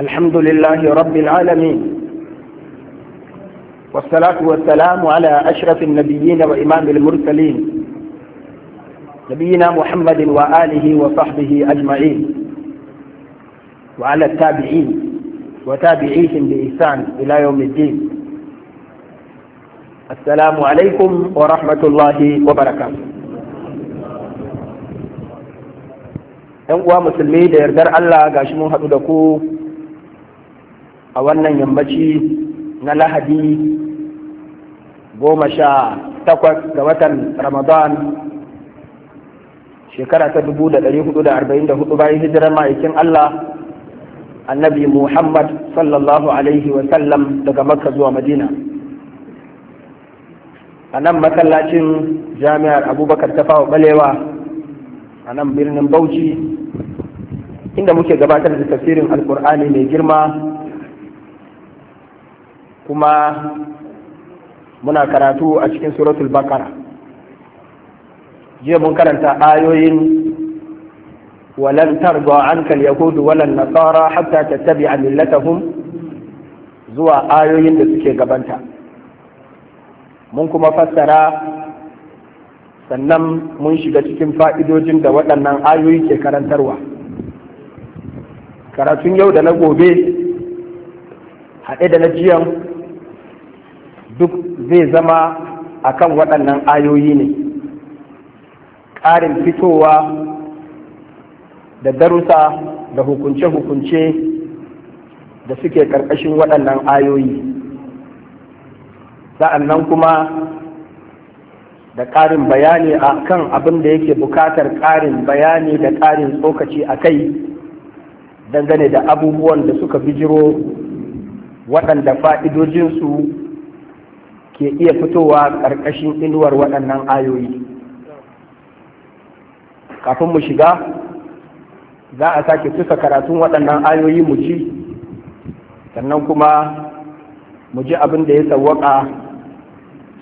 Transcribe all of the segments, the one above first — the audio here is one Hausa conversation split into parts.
الحمد لله رب العالمين والصلاة والسلام على أشرف النبيين وإمام المرسلين نبينا محمد وآله وصحبه أجمعين وعلى التابعين وتابعيهم بإحسان إلى يوم الدين السلام عليكم ورحمة الله وبركاته ‘yan uwa musulmi da yardar Allah gashi mun haɗu da ku a wannan yammaci na lahadi goma sha takwas ga watan ramadan shekara ta dubu da ɗari hudu da arba'in da hudu bayan hijirar ma'aikin allah annabi muhammad sallallahu alaihi wasallam daga makka zuwa madina a nan masallacin jami'ar abubakar ta fawa balewa a nan birnin bauchi inda muke gabatar da tafsirin alkur'ani mai girma kuma muna karatu a cikin suratul bakara jiya mun karanta ayoyin walan tarba ankal yahudu walan nasara hatta tattabi'a millatahum zuwa ayoyin da suke gabanta mun kuma fassara sannan mun shiga cikin fa'idojin da waɗannan ayoyi ke karantarwa karatun yau da na gobe haɗe da na jiyan duk zai zama a kan waɗannan ayoyi ne ƙarin fitowa da darusa da hukunce-hukunce da suke ƙarƙashin waɗannan ayoyi nan kuma da ƙarin bayani a kan abin da yake buƙatar ƙarin bayani da ƙarin tsokaci a kai dangane da abubuwan da suka bijiro waɗanda fa'idojinsu ke iya fitowa ƙarƙashin inuwar waɗannan ayoyi kafin mu shiga za a sake tusa karatun waɗannan ayoyi mu ci sannan kuma mu ji abin da ya tsawaka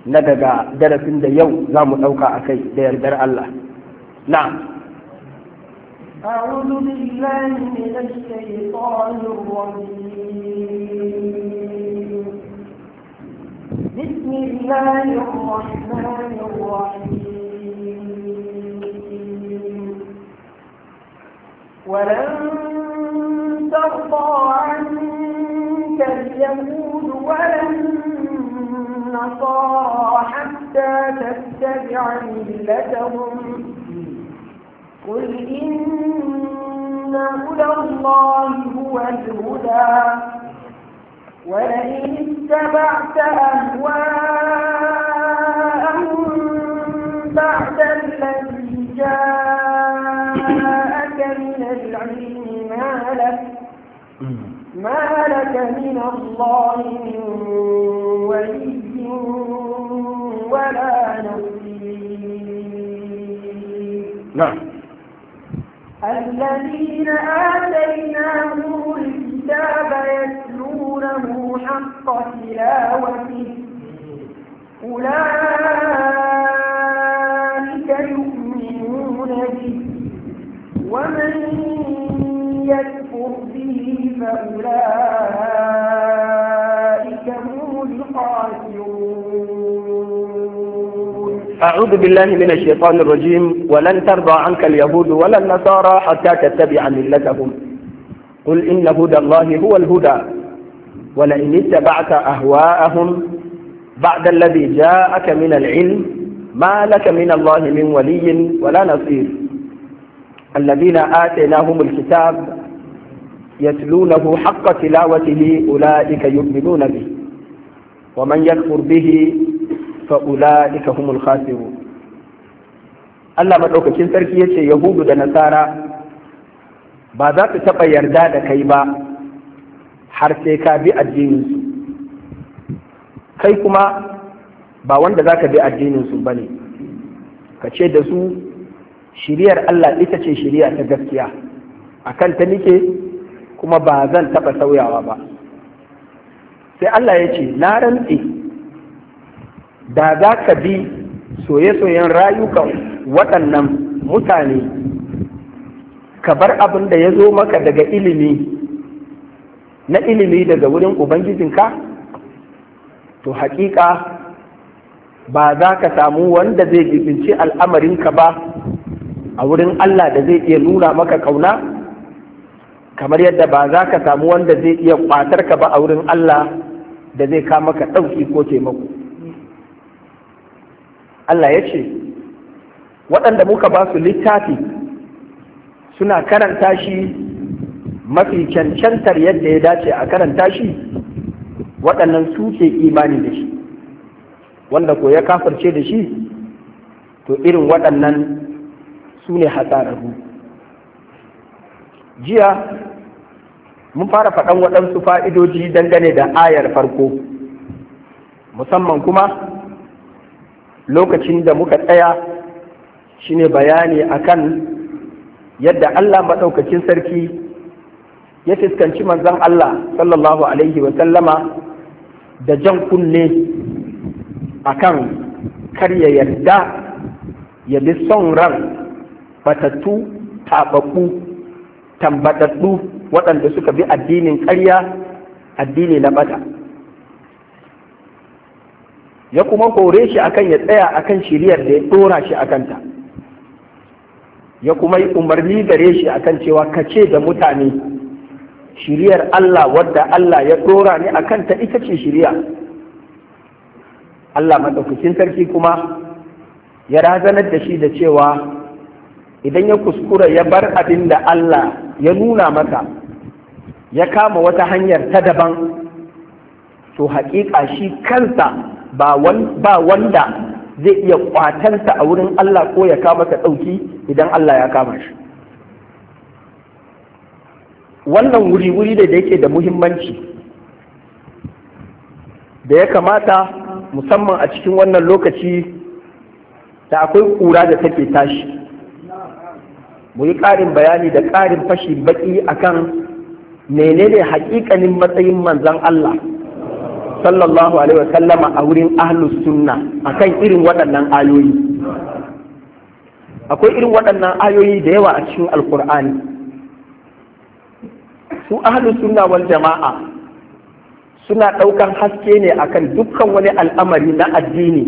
na daga darasin da yau za mu ɗauka a kai da yardar Allah na أعوذ بالله من الشيطان الرجيم بسم الله الرحمن الرحيم ولن ترضى عنك اليهود ولن النصارى حتى تتبع ملتهم قل إن هدى الله هو الهدى ولئن اتبعت أهواءهم بعد الذي جاءك من العلم ما لك ما لك من الله من ولي ولا نصير نعم الذين آتيناهم الكتاب يتلونه حق تلاوته أولئك يؤمنون به ومن يكفر به فأولئك أعوذ بالله من الشيطان الرجيم ولن ترضى عنك اليهود ولا النصارى حتى تتبع ملتهم قل إن هدى الله هو الهدى ولئن اتبعت أهواءهم بعد الذي جاءك من العلم ما لك من الله من ولي ولا نصير الذين آتيناهم الكتاب يتلونه حق تلاوته أولئك يؤمنون به ومن يكفر به فأولئك هم الخاسرون Allah maɗaukakin sarki ya ce Yahudu da Nasara ba za su taɓa yarda da kai ba har sai ka bi addininsu kai kuma ba wanda za ka bi addininsu ba ne ka ce da su shiriyar Allah ita ce shiriya ta gaskiya a kan ta nike kuma ba zan taɓa sauyawa ba sai Allah ya ce na rantse da za ka bi soye-soyen rayukan waɗannan mutane ka bar abin da ya zo maka daga ilimi na ilimi daga wurin ubangijinka to haƙiƙa ba za ka samu wanda zai jibinci al'amarinka ba a wurin Allah da zai iya nuna maka kauna kamar yadda ba za ka samu wanda zai iya kwatar ka ba a wurin Allah da zai kama ka ɗauki ko taimako. Allah ya ce waɗanda muka ba su littafi suna karanta shi mafi cancantar yadda ya dace a karanta shi waɗannan su ke imani da shi wanda ko ya kafarce da shi to irin waɗannan su ne hatsararru jiya mun fara faɗan waɗansu fa'idoji dangane da ayar farko musamman kuma lokacin da muka tsaya shine bayani akan yadda Allah maɗaukacin sarki ya fuskanci manzon Allah sallallahu alaihi wa sallama da jan kunne akan kar ya yarda ya bi son ran batattu taɓaɓɓu tambatattu waɗanda suka bi addinin ƙarya addini na bata ya kuma kore shi akan ya tsaya akan shiriyar da ya dora shi a kanta. ya kuma yi umarni gare shi akan cewa ka ce da mutane shiriyar Allah wadda Allah ya dora ne akanta ita ce shiriya Allah maɗaukacin sarki kuma ya razanar da shi da cewa idan ya kuskura ya bar abin da Allah ya nuna maka ya kama wata hanyar ta daban to haƙiƙa shi kansa ba wanda zai iya kwatanta a wurin Allah ko ya kama ta ɗauki idan Allah ya kama shi wannan wuri-wuri da yake da muhimmanci da ya kamata musamman a cikin wannan lokaci da akwai ƙura da take tashi mu yi ƙarin bayani da ƙarin fashi baƙi akan menene haƙiƙanin matsayin manzan Allah sallallahu alaihi wa sallama a wurin ahlus sunna akan irin waɗannan ayoyi akwai irin waɗannan ayoyi da yawa a cikin alkur'ani su ahlus sunna wal jama'a suna ɗaukan haske ne akan dukkan wani al'amari na addini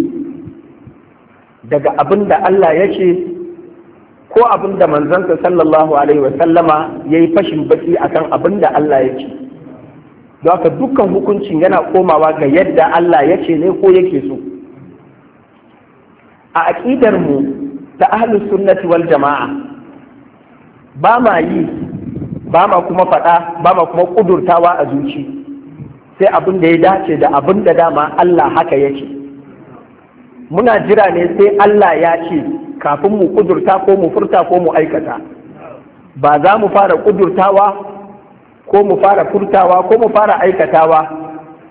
daga abin da Allah ya ce ko abin da manzansa sallallahu alaihi wa sallama ya yi fashin baki akan abinda Allah ya ce don haka dukkan hukuncin yana komawa ga yadda Allah ya ce ne ko yake so a aƙidar mu ta ahalin sunnati wal jama'a ba ma yi ba ma kuma faɗa ba ma kuma ƙudurtawa a zuci sai abin da ya dace da abin da dama Allah haka yake muna jira ne sai Allah ya ce kafin mu ƙudurta ko mu furta ko mu aikata ba za mu fara ƙudurtawa ko mu fara furtawa ko mu fara aikatawa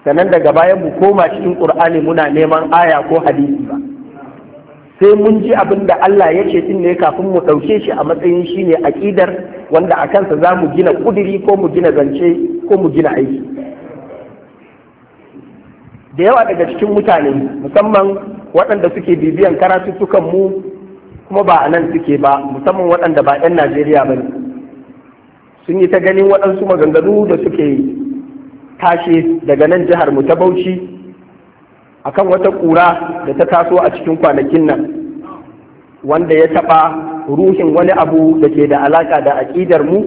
sannan daga bayan mu koma cikin qur'ani muna neman aya ko hadisi ba sai mun ji abin da Allah ya ce din ne kafin mu ɗauke shi a matsayin shi ne aƙidar wanda a kansa za mu gina ƙudiri ko mu gina zance ko mu gina aiki da yawa daga cikin mutane musamman waɗanda suke bibiyan sukan mu kuma ba a nan suke ba musamman waɗanda ba 'yan Najeriya ba ne sun yi ta ganin waɗansu maganganu da suke tashe daga nan jihar mu ta bauchi akan wata ƙura da ta taso a cikin kwanakin nan wanda ya taɓa ruhin wani abu da ke da alaƙa da aƙidar mu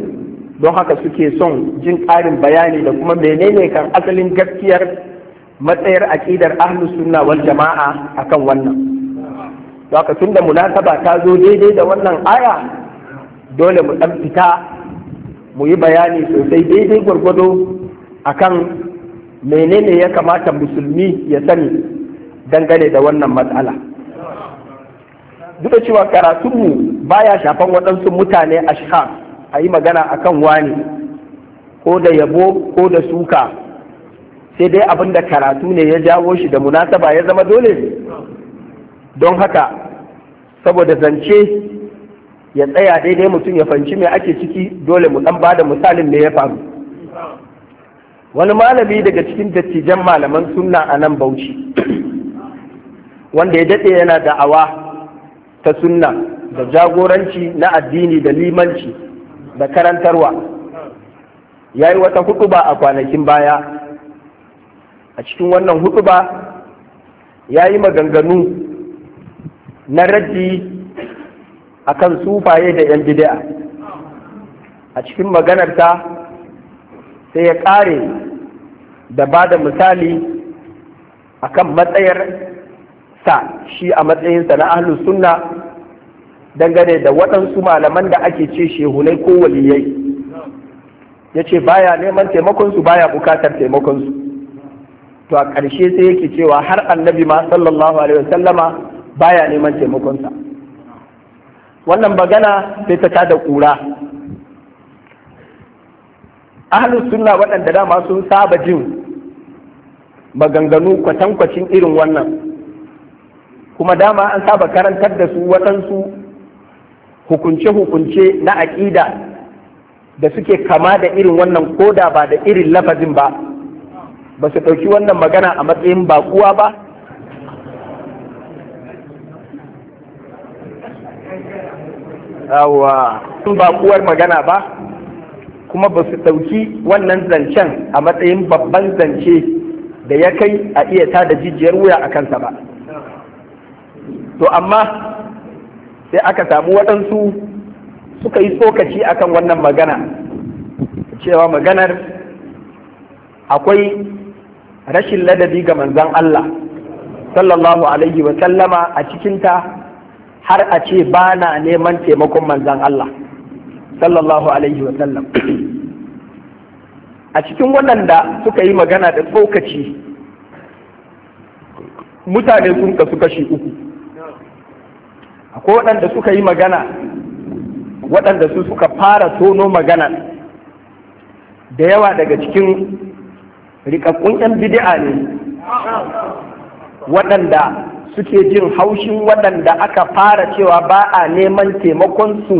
don haka suke son jin ƙarin bayani da kuma menene kan asalin gaskiyar matsayar aƙidar ahlus sunna wal jama'a akan wannan haka tun da munasaba ta zo daidai da wannan aya dole mu ɗan fita mu yi bayani sosai daidai gwargwado kan menene ya kamata musulmi ya sani dangane da wannan matsala duk da cewa karatunmu baya shafan waɗansu mutane a ashka a yi magana a kan wani ko da yabo ko da suka sai dai abin da karatu ne ya jawo shi da munasaba ya zama dole don haka saboda zance ya tsaya daidai mutum ya fahimci mai ake ciki dole mu dan bada misalin ne ya faru wani malami daga cikin dattijan malaman sunna a nan bauchi wanda ya daɗe yana da da'awa ta sunna da jagoranci na addini da limanci da karantarwa ya yi wata hutuba a kwanakin baya a cikin wannan hutuba ya yi maganganu na raddi akan sufaye da yan bid'a a cikin maganarta sai ya ƙare da ba da misali akan matsayar sa shi a matsayinsa na ahlus sunna dangane da waɗansu malaman da ake ce shehunai ko waliyai ya ce baya neman taimakonsu baya bukatar taimakonsu to a ƙarshe sai yake cewa har annabi ma sallallahu alaihi wasallama baya neman taimakonsa wannan magana sai ta tada kura. ahlus sunna waɗanda dama sun saba jin maganganu kwatankwacin irin wannan kuma dama an saba karantar da su waɗansu hukunce-hukunce na aƙida da suke kama da irin wannan koda ba da irin lafazin ba ba su ɗauki wannan magana a matsayin baƙuwa ba yawa sun ba kuwar magana ba kuma ba su ɗauki wannan zancen a matsayin babban zance da ya kai a iya ta da jijiyar wuya a kansa ba to amma sai aka samu waɗansu suka yi tsokaci akan wannan magana cewa maganar akwai rashin ladabi ga manzan Allah sallallahu alaihi wa sallama a cikinta har a ce ba na neman taimakon manzan Allah sallallahu alaihi wa sallam a cikin waɗanda suka yi magana da tsokaci mutane sun kasu kashi uku akwai waɗanda suka yi magana waɗanda su suka fara tono magana da yawa daga cikin rikakkun 'yan bidi'a ne waɗanda suke jin haushin waɗanda aka fara cewa ba a neman taimakonsu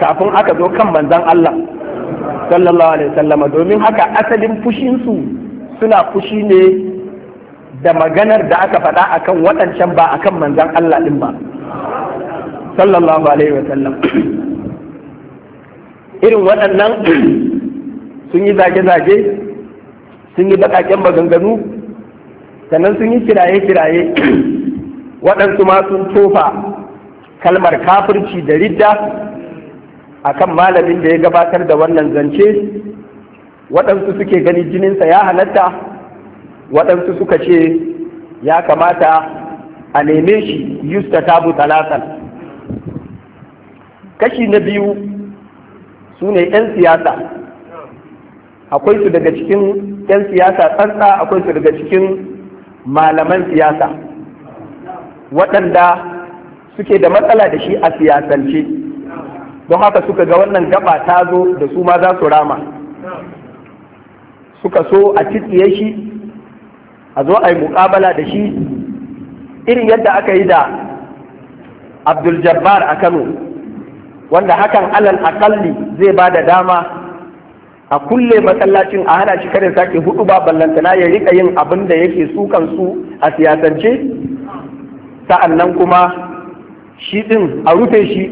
kafin aka zo kan manzan Allah sallallahu alaihi wasallama domin haka asalin fushinsu suna fushi ne da maganar da aka faɗa akan waɗancan ba a kan manzan Allah ɗin ba sallallahu alaihi sallam, irin waɗannan sun yi zage-zage sun yi baƙaƙen maganganu sannan sun yi kiraye-kiraye waɗansu ma sun tofa kalmar kafirci da ridda akan malamin da ya gabatar da wannan zance waɗansu suke gani jininsa ya halatta waɗansu suka ce ya kamata a neme shi yusta tabu talatan kashi na biyu su ne 'yan siyasa akwai su daga cikin 'yan siyasa tsantsa akwai su daga cikin malaman siyasa waɗanda suke da matsala da shi a siyasance don haka suka ga wannan gaba ta zo da su ma za su rama suka so a titiye shi a zo a yi muƙabala da shi irin yadda aka yi da abdul jabbar a kano wanda hakan alal akalli zai ba da dama a kulle masallacin a hana shi kare sake hudu ba ballantana ya rika yin abin da yake sukan su a siyasance sa'annan kuma shi ɗin a rufe shi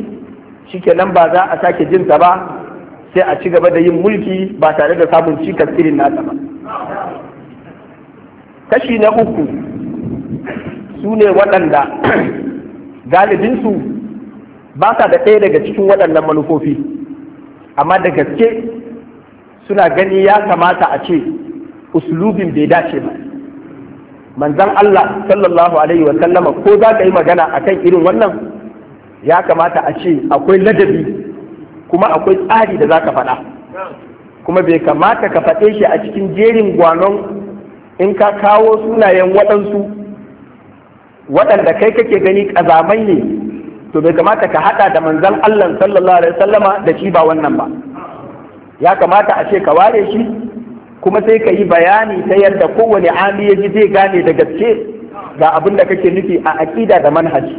shi nan ba za a sake jinsa ba sai a ci gaba da yin mulki ba tare da samun cikas irin nasa ba kashi na uku su ne waɗanda galibinsu ba sa da ɗaya daga cikin waɗannan manufofi amma da gaske suna gani ya kamata a ce uslubin bai dace ba manzan Allah sallallahu alaihi wa sallama ko za ka yi magana a kan irin wannan ya kamata a ce akwai ladabi kuma akwai tsari da za ka faɗa kuma bai kamata ka faɗe shi a cikin jerin gwanon in ka kawo sunayen waɗansu waɗanda kai kake gani ƙazamai ne to bai kamata ka haɗa da manzan Allah sallallahu alaihi wa sallama da shi ba wannan ba ya kamata a ce ka ware shi kuma sai ka yi bayani ta yadda kowane ami ya ji zai gane da gaske ga abin da kake nufi a aƙida da manhaji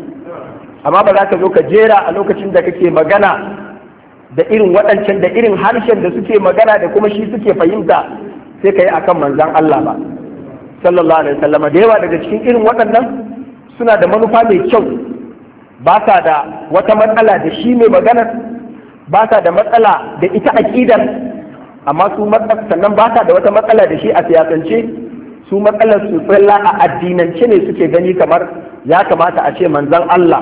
amma ba za ka zo ka jera a lokacin da kake magana da irin waɗancan da irin harshen da suke magana da kuma shi suke fahimta sai ka yi akan manzan Allah ba sallallahu alaihi wasallama da yawa daga cikin irin waɗannan suna da manufa mai kyau ba sa da wata matsala da shi mai maganar ba sa da matsala da ita aƙidar amma su sannan ba ta da wata matsala da shi a siyasance su matsalar su tsalla a addinance ne suke gani kamar ya kamata a ce manzon Allah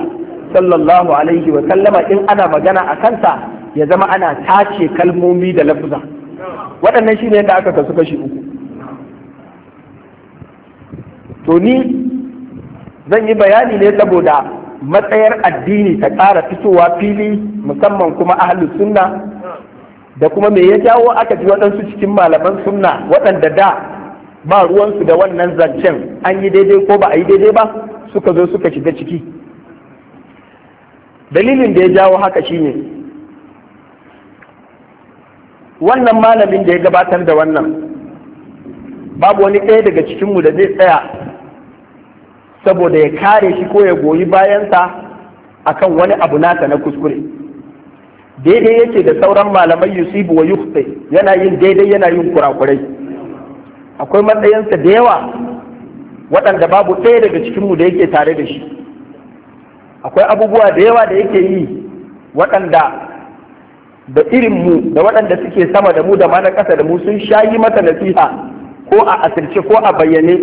sallallahu alaihi wa sallama in ana magana a kansa ya zama ana tace kalmomi da lafuza waɗannan shi ne da aka kasu kashi uku to ni zan yi bayani ne saboda matsayar addini ta ƙara fitowa fili musamman kuma ahlus sunna da kuma me ya jawo aka ji waɗansu cikin malaman sunna waɗanda da ba ruwansu da wannan zancen an yi daidai ko ba a yi daidai ba suka zo suka shiga ciki dalilin da ya jawo haka shine wannan malamin da ya gabatar da wannan babu wani ɗaya daga cikinmu da zai tsaya saboda ya kare shi ko ya goyi bayansa akan wani abu nasa na kuskure. daidai yake da sauran malamai yusibu wa yukhti yana yin daidai yana yin kurakurai akwai matsayinsa da yawa waɗanda babu ɗaya daga cikinmu da yake tare da shi akwai abubuwa da yawa da yake yi waɗanda da irinmu da waɗanda suke sama da mu da mana ƙasa da mu sun sha yi mata nasiha ko a asirce ko a bayyane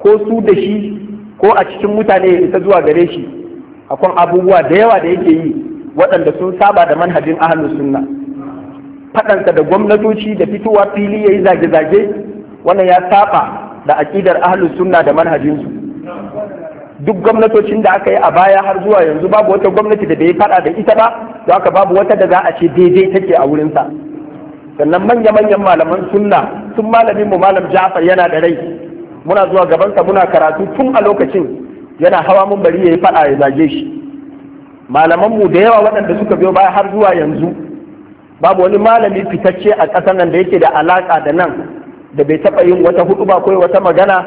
ko su da shi ko a cikin mutane ya isa zuwa gare shi akwai abubuwa da yawa da yake yi waɗanda sun saba da manhajin ahalus sunna faɗansa da gwamnatoci da fitowa fili ya yi zage-zage wannan ya saba da aƙidar ahalus sunna da manhajinsu duk gwamnatocin da aka yi a baya har zuwa yanzu babu wata gwamnati da bai faɗa da ita ba don haka babu wata da za a ce daidai take a wurinsa sannan manya-manyan malaman sunna sun malamin mu malam Ja'far yana da rai muna zuwa gabansa muna karatu tun a lokacin yana hawa mun bari ya yi faɗa ya zage shi malamanmu da yawa waɗanda suka biyo baya har zuwa yanzu babu wani malami fitacce a ƙasar nan da yake da alaƙa da nan da bai taɓa yin wata hudu ba ko wata magana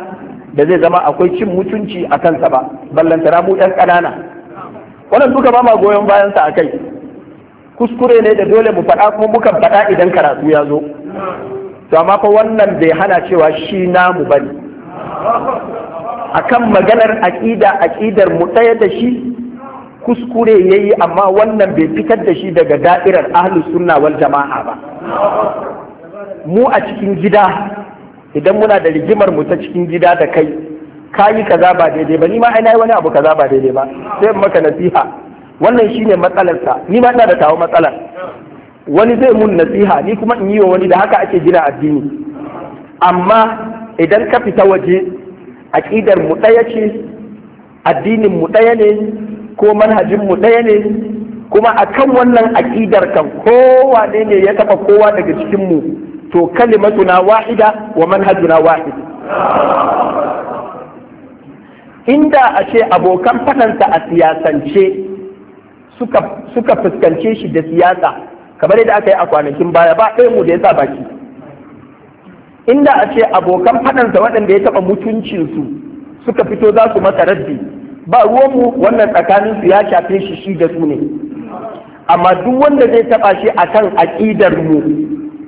da zai zama akwai cin mutunci a kansa ba ballantana mu ɗan ƙanana wannan duka ba ma goyon bayansa a kai kuskure ne da dole mu faɗa kuma muka faɗa idan karatu ya zo to amma fa wannan bai hana cewa shi namu bane akan maganar aƙida aƙidar mu ɗaya da shi kuskure ya yi amma wannan bai fitar da shi daga da'irar ahlus sunna wal jama'a ba mu a cikin gida idan muna da rigimar mu ta cikin gida da kai yi kaza ba daidai ba ni ma ai nayi wani abu kaza ba daidai ba sai maka nasiha wannan shine matsalarsa ni ma ina da tawo matsalar wani zai mun nasiha ni kuma in yi wa wani da haka ake gina addini amma idan ka fita waje aƙidar mu ɗaya ce addinin mu ɗaya ne ko manhajinmu ɗaya ne kuma a kan wannan aƙidar kan kowa ne ne ya taɓa kowa daga cikinmu to kalimatuna wahida wa manhajuna wahid inda a ce abokan faɗansa a siyasance suka fuskance shi da siyasa kamar yadda aka yi a kwanakin baya ba ɗaya mu da ya sa baki inda a ce abokan faɗansa waɗanda ya taɓa mutuncinsu suka fito za su masa rabbi. ba ruwanmu wannan tsakanin su ya shafe shi shi da su ne amma duk wanda zai taba shi akan aƙidar mu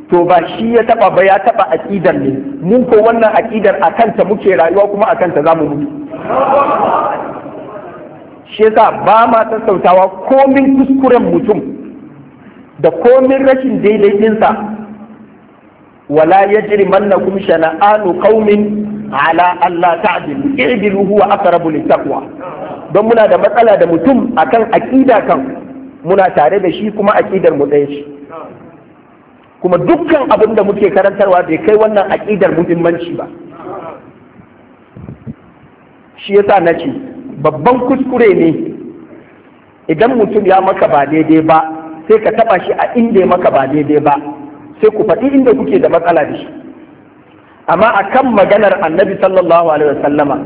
to ba shi ya taba ba ya taba aƙidar ne mu ko wannan aƙidar a kanta muke rayuwa kuma kanta za zamu mutu shi yasa ba ma sassautawa komin kuskuren mutum da komin rashin daidaitinsa wala yajrimannakum shana'anu qaumin ala Allah ta'dilu i'dilu huwa aqrabu littaqwa don muna da matsala da mutum akan aƙida kan muna tare da shi kuma aƙidar mu ɗaya shi kuma dukkan abin da muke karantarwa bai kai wannan aƙidar muhimmanci ba shi yasa na ce babban kuskure ne idan mutum ya maka ba daidai ba sai ka taɓa shi a inda ya maka ba daidai ba sai ku faɗi inda kuke da matsala da shi amma akan maganar annabi sallallahu alaihi wasallama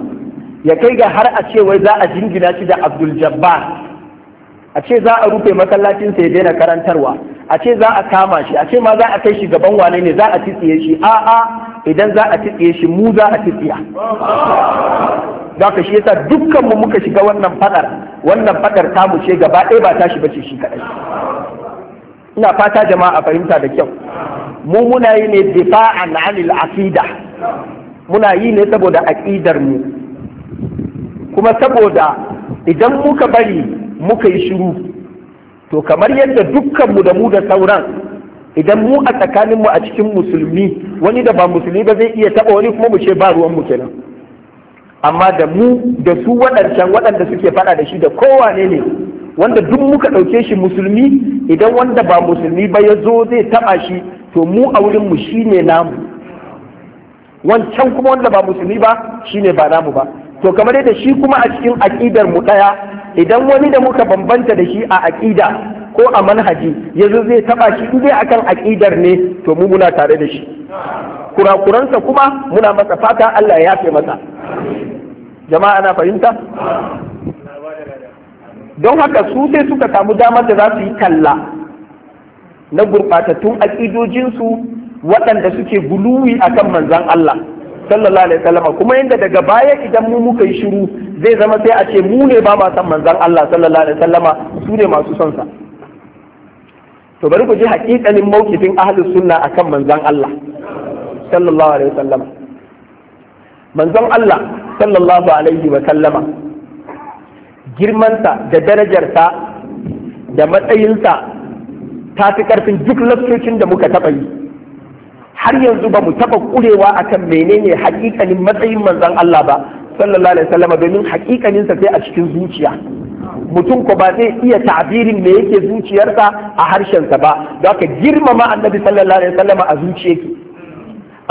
ya kai ga har a ce wai za a jingina shi da abdul jabbar a ce za a rufe masallacinsa ya daina karantarwa a ce za a kama shi a ce ma za a kai shi gaban wane ne za a titsiye shi a a idan za a titsiye shi mu za a titsiya za ka shi yasa dukkanmu muka shiga wannan fadar wannan fadar mu ce gaba ɗaya ba tashi bace shi kaɗai ina fata jama'a a fahimta da kyau mu muna yi ne difa'an anil aqida muna yi ne saboda aqidar mu kuma saboda idan muka bari muka yi shiru to kamar yadda dukkanmu da mu da sauran idan mu a tsakanin a cikin musulmi wani da ba musulmi ba zai iya taba wani kuma mu ce ba ruwan mu kenan amma da mu da su waɗancan waɗanda suke faɗa da shi da kowane ne wanda duk muka ɗauke shi musulmi idan wanda ba musulmi ba ya zo zai taɓa shi to mu a wurinmu shi ne namu wancan kuma wanda ba musulmi ba shi ne ba namu ba to kamar yadda shi kuma a cikin aƙidar mu ɗaya idan wani da muka bambanta da shi a aƙida ko a manhaji ya zo zai taɓa shi in dai akan aƙidar ne to mu muna tare da shi kurakuransa kuma muna masa fata Allah ya yafe masa jama'a na fahimta don haka su sai suka samu damar da za su yi talla na gurɓatattun aƙidojinsu waɗanda suke guluwi a kan manzan Allah sallallahu alaihi wasallam kuma yadda daga baya idan mu muka yi shiru zai zama sai a ce mu ne ba ma san manzan Allah sallallahu alaihi wasallam su ne masu son sa to bari ku ji haƙiƙanin mawkifin ahlus sunna akan manzan Allah sallallahu alaihi wasallam manzan Allah sallallahu alaihi wa sallama girmansa da darajarsa da matsayinsa ta fi ƙarfin duk lastocin da muka taɓa yi har yanzu ba mu taɓa ƙurewa a kan menene haƙiƙanin matsayin manzon Allah ba sallallahu alaihi wasallama domin haƙiƙaninsa sai a cikin zuciya mutum ko ba zai iya ta'birin me yake zuciyarsa a harshensa ba don haka girmama annabi sallallahu alaihi wasallama a zuciyarki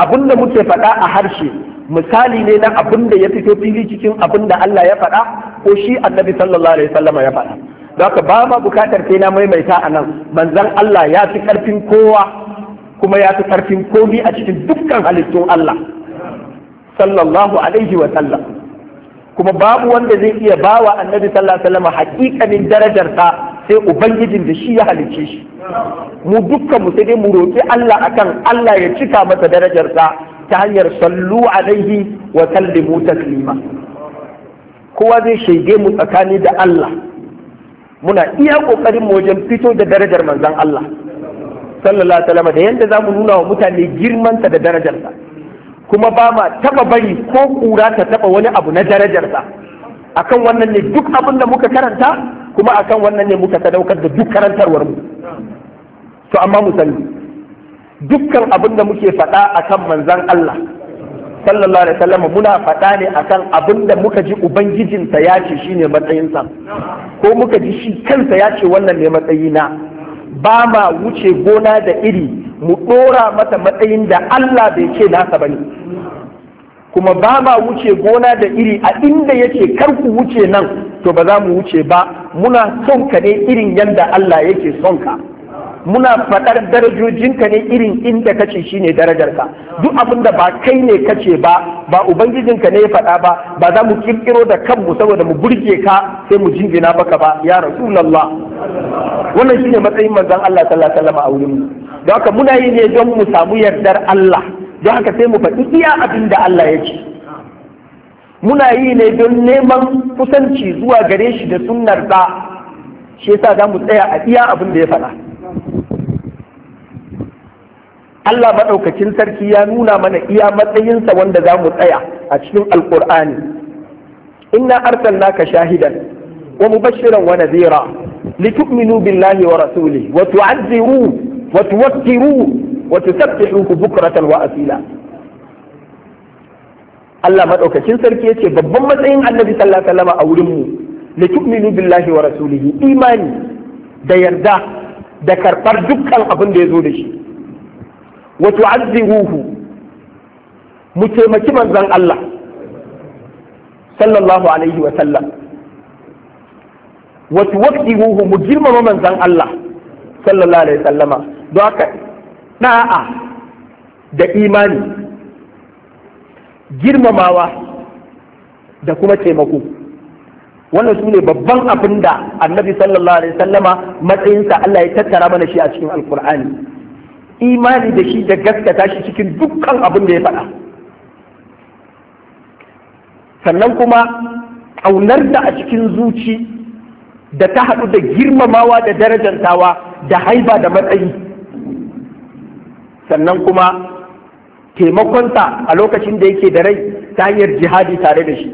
abin da muke faɗa a harshe misali ne na abin da ya fito fili cikin abin da Allah ya faɗa ko shi annabi sallallahu alaihi wasallam ya faɗa haka ba ma bukatar kai na maimaita a nan manzon Allah ya fi karfin kowa kuma ya fi karfin komi a cikin dukkan halittun Allah sallallahu alaihi wa sallam kuma babu wanda zai iya bawa annabi sallallahu alaihi wasallam hakikanin darajarsa sai ubangijin da shi ya halicce shi mu dukkan mu sai dai mu roki Allah akan Allah ya cika masa darajarsa ta hanyar sallu alaihi wa sallimu taslima kowa zai shaide mu tsakani da Allah muna iya kokarin mu wajen fito da darajar manzon Allah sallallahu alaihi wasallam da yanda zamu nuna wa mutane girmansa da darajarsa kuma ba ma taba bari ko kura ta taba wani abu na darajarsa akan wannan ne duk abin da muka karanta kuma akan wannan ne muka sadaukar da duk karantarwar mu to amma mu sani dukkan abin da muke faɗa akan manzon Allah sallallahu alaihi wasallam muna faɗa ne akan abin da muka ji ubangijinsa ya ce shine matsayinsa ko muka ji shi kansa ya ce wannan ne matsayina ba ma wuce gona da iri mu ɗora mata matsayin da Allah bai ce nasa ne. kuma ba ma wuce gona da iri a inda yake kar ku wuce nan to ba za mu wuce ba muna son ka ne irin yadda Allah yake son ka muna faɗar darajojinka ne irin inda kace shine darajarka duk abin da ba kai ne kace ba ba ubangijin ka ne ya faɗa ba ba za mu kirkiro da kanmu saboda mu burge ka sai mu jingina baka ba ya rasulullah wannan shine matsayin manzon Allah sallallahu alaihi wasallam a wurin mu don haka muna yi ne don mu samu yardar Allah don haka sai mu faɗi iya abin da Allah ya ce muna yi ne don neman kusanci zuwa gare shi da sunnar da shi yasa za mu tsaya a iya abin da ya faɗa Allah maɗaukacin sarki ya nuna mana iya matsayinsa wanda za mu tsaya a cikin alƙur'ani inna ka shahidan wa mubashiran wa nadhira litu'minu billahi wa rasulihi wa tu'azziru wa tuwakkiru wa tusabbihuhu bukratan wa asila Allah maɗaukacin sarki yace babban matsayin Annabi sallallahu alaihi wasallam a wurin mu litu'minu billahi wa rasulihi imani da yarda da karɓar dukkan abin da ya zo da shi wa tu'azziruhu mu taimaki manzon Allah sallallahu alaihi wa sallam wakti ruhu mu girmama manzon Allah sallallahu alaihi wa sallama don haka da'a da imani girmamawa da kuma taimako wannan su ne babban abin da annabi sallallahu alaihi sallama matsayinsa Allah ya tattara mana shi a cikin alkur'ani imani da shi da gaskata shi cikin dukkan abin da ya faɗa sannan kuma ƙaunar da a cikin zuci da ta haɗu da girmamawa da darajantawa da haiba da matsayi sannan kuma taimakonsa a lokacin da yake da rai ta hanyar jihadi tare da shi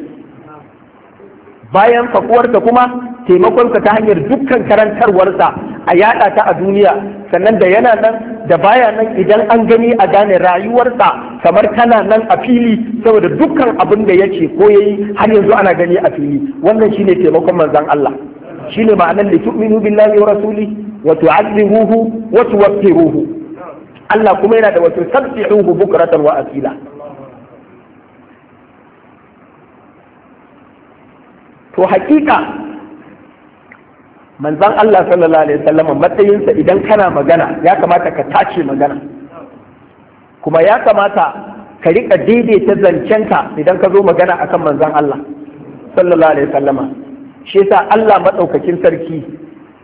bayan fakuwarsa kuma taimakonsa ta hanyar dukkan karantarwarsa a yada ta a duniya sannan da yana nan da baya nan idan an gani a gane rayuwarsa kamar tana nan a fili saboda dukkan abin da yake ko yayi har yanzu ana gani a fili wannan shine taimakon manzan Allah shine ma'anar li tu'minu billahi wa rasuli wa tu'azzimuhu wa tuwaqqiruhu Allah kuma yana da wasu sabbihuhu bukratan wa asila to hakika manzan Allah sallallahu alaihi wasallam matsayinsa idan kana magana ya kamata ka tace magana kuma ya kamata ka rika daidaita zancenka idan ka zo magana akan manzan Allah sallallahu alaihi wasallam shi yasa Allah madaukakin sarki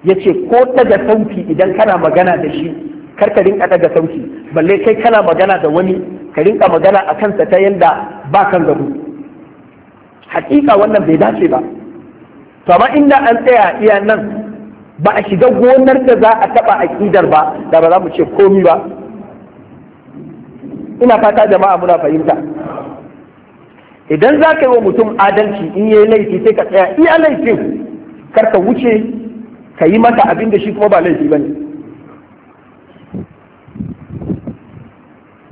yace ko daga sauki idan kana magana da shi kar ka rinka daga sauki balle kai kana magana da wani ka rinka magana akan sa ta yanda ba kan gado hakika wannan bai dace ba to amma inda an tsaya iya nan ba a shiga gonar da za a taɓa aƙidar ba da ba za mu ce komi ba ina fata jama'a muna fahimta idan za ka yi wa mutum adalci in yi laifi sai ka tsaya iya laifin kar ka wuce ka yi mata abin da shi kuma ba laifi ba ne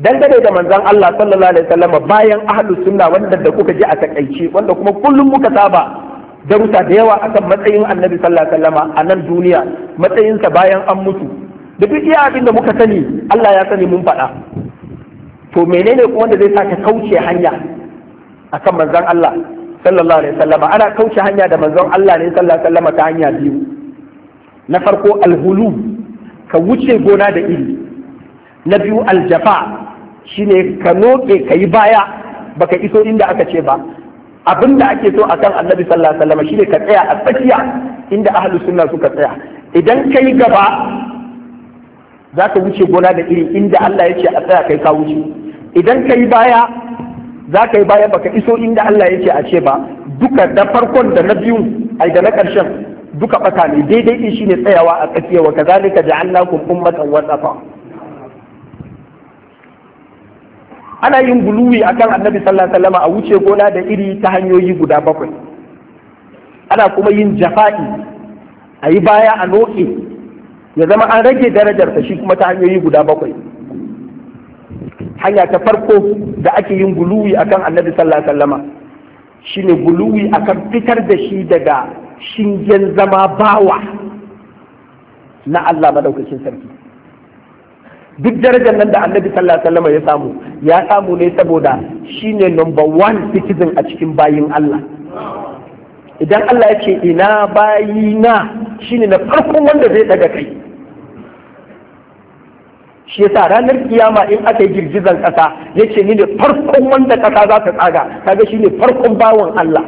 dangane da manzon Allah sallallahu alaihi wasallam bayan ahlus sunna wanda da kuka ji a takaice wanda kuma kullum muka saba daruta da yawa akan matsayin annabi sallallahu alaihi a nan duniya matsayinsa bayan an mutu da duk iya abin da muka sani Allah ya sani mun faɗa to menene kuma wanda zai saka kauce hanya akan manzon Allah sallallahu alaihi wasallama ana kauce hanya da manzon Allah ne sallallahu alaihi wasallama ta hanya biyu na farko alhulu ka wuce gona da iri na biyu aljafa shine ka noke ka baya baka iso inda aka ce ba abin da ake so akan annabi sallallahu alaihi wasallam shine ka tsaya a tsakiya inda ahlus sunna suka tsaya idan kai gaba za ka wuce gona da iri inda Allah ya ce a tsaya kai ka wuce idan kai baya za ka yi baya baka iso inda Allah ya ce a ce ba duka da farkon da na biyun ai da na karshen duka bata ne daidai shine shine tsayawa a tsakiya wa kazalika ja'alnakum ummatan wasafa ana yin guluwi akan annabi sallallahu alaihi wasallam a wuce gona da iri ta hanyoyi guda bakwai ana kuma yin jafa'i a yi baya a noke ya zama an rage darajarsa shi kuma ta hanyoyi guda bakwai hanya ta farko da ake yin guluwi akan annabi sallallahu alaihi wasallama shine guluwi kan fitar da shi daga shingen zama bawa na Allah madaukakin sarki duk darajar nan da annabi sallallahu alaihi wasallam ya samu ya samu ne saboda shine number one citizen a cikin bayin Allah idan Allah ya ce ina bayina shine na farkon wanda zai daga kai shi yasa ranar kiyama in aka yi girgizan kasa yace ni ne farkon wanda kasa za ta tsaga kaga shine farkon bawan Allah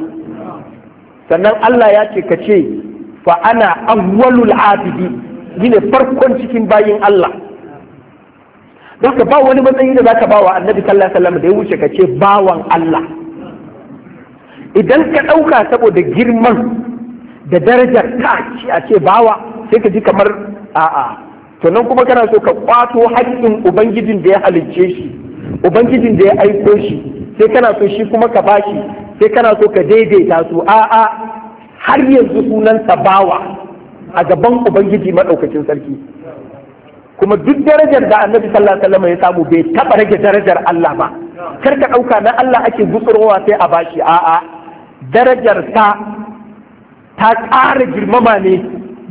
sannan Allah ya ce ka ce fa ana awwalul abidi ni ne farkon cikin bayin Allah don ka ba wani matsayi da zaka bawa annabi sallallahu alaihi wasallam da ya wuce ka ce bawan Allah idan ka ɗauka saboda girman da darajar ka a ce bawa sai ka ji kamar a'a to nan kuma kana so ka kwato haƙƙin ubangijin da ya halicce shi ubangijin da ya aiko shi sai kana so shi kuma ka bashi sai kana so ka daidaita su a'a har yanzu sunansa bawa a gaban ubangiji maɗaukacin sarki kuma duk darajar da annabi sallallahu alaihi wasallam ya samu bai taba rage darajar Allah ba kar ka dauka na Allah ake gutsurowa sai a bashi a'a darajar ta ta ƙara girmama ne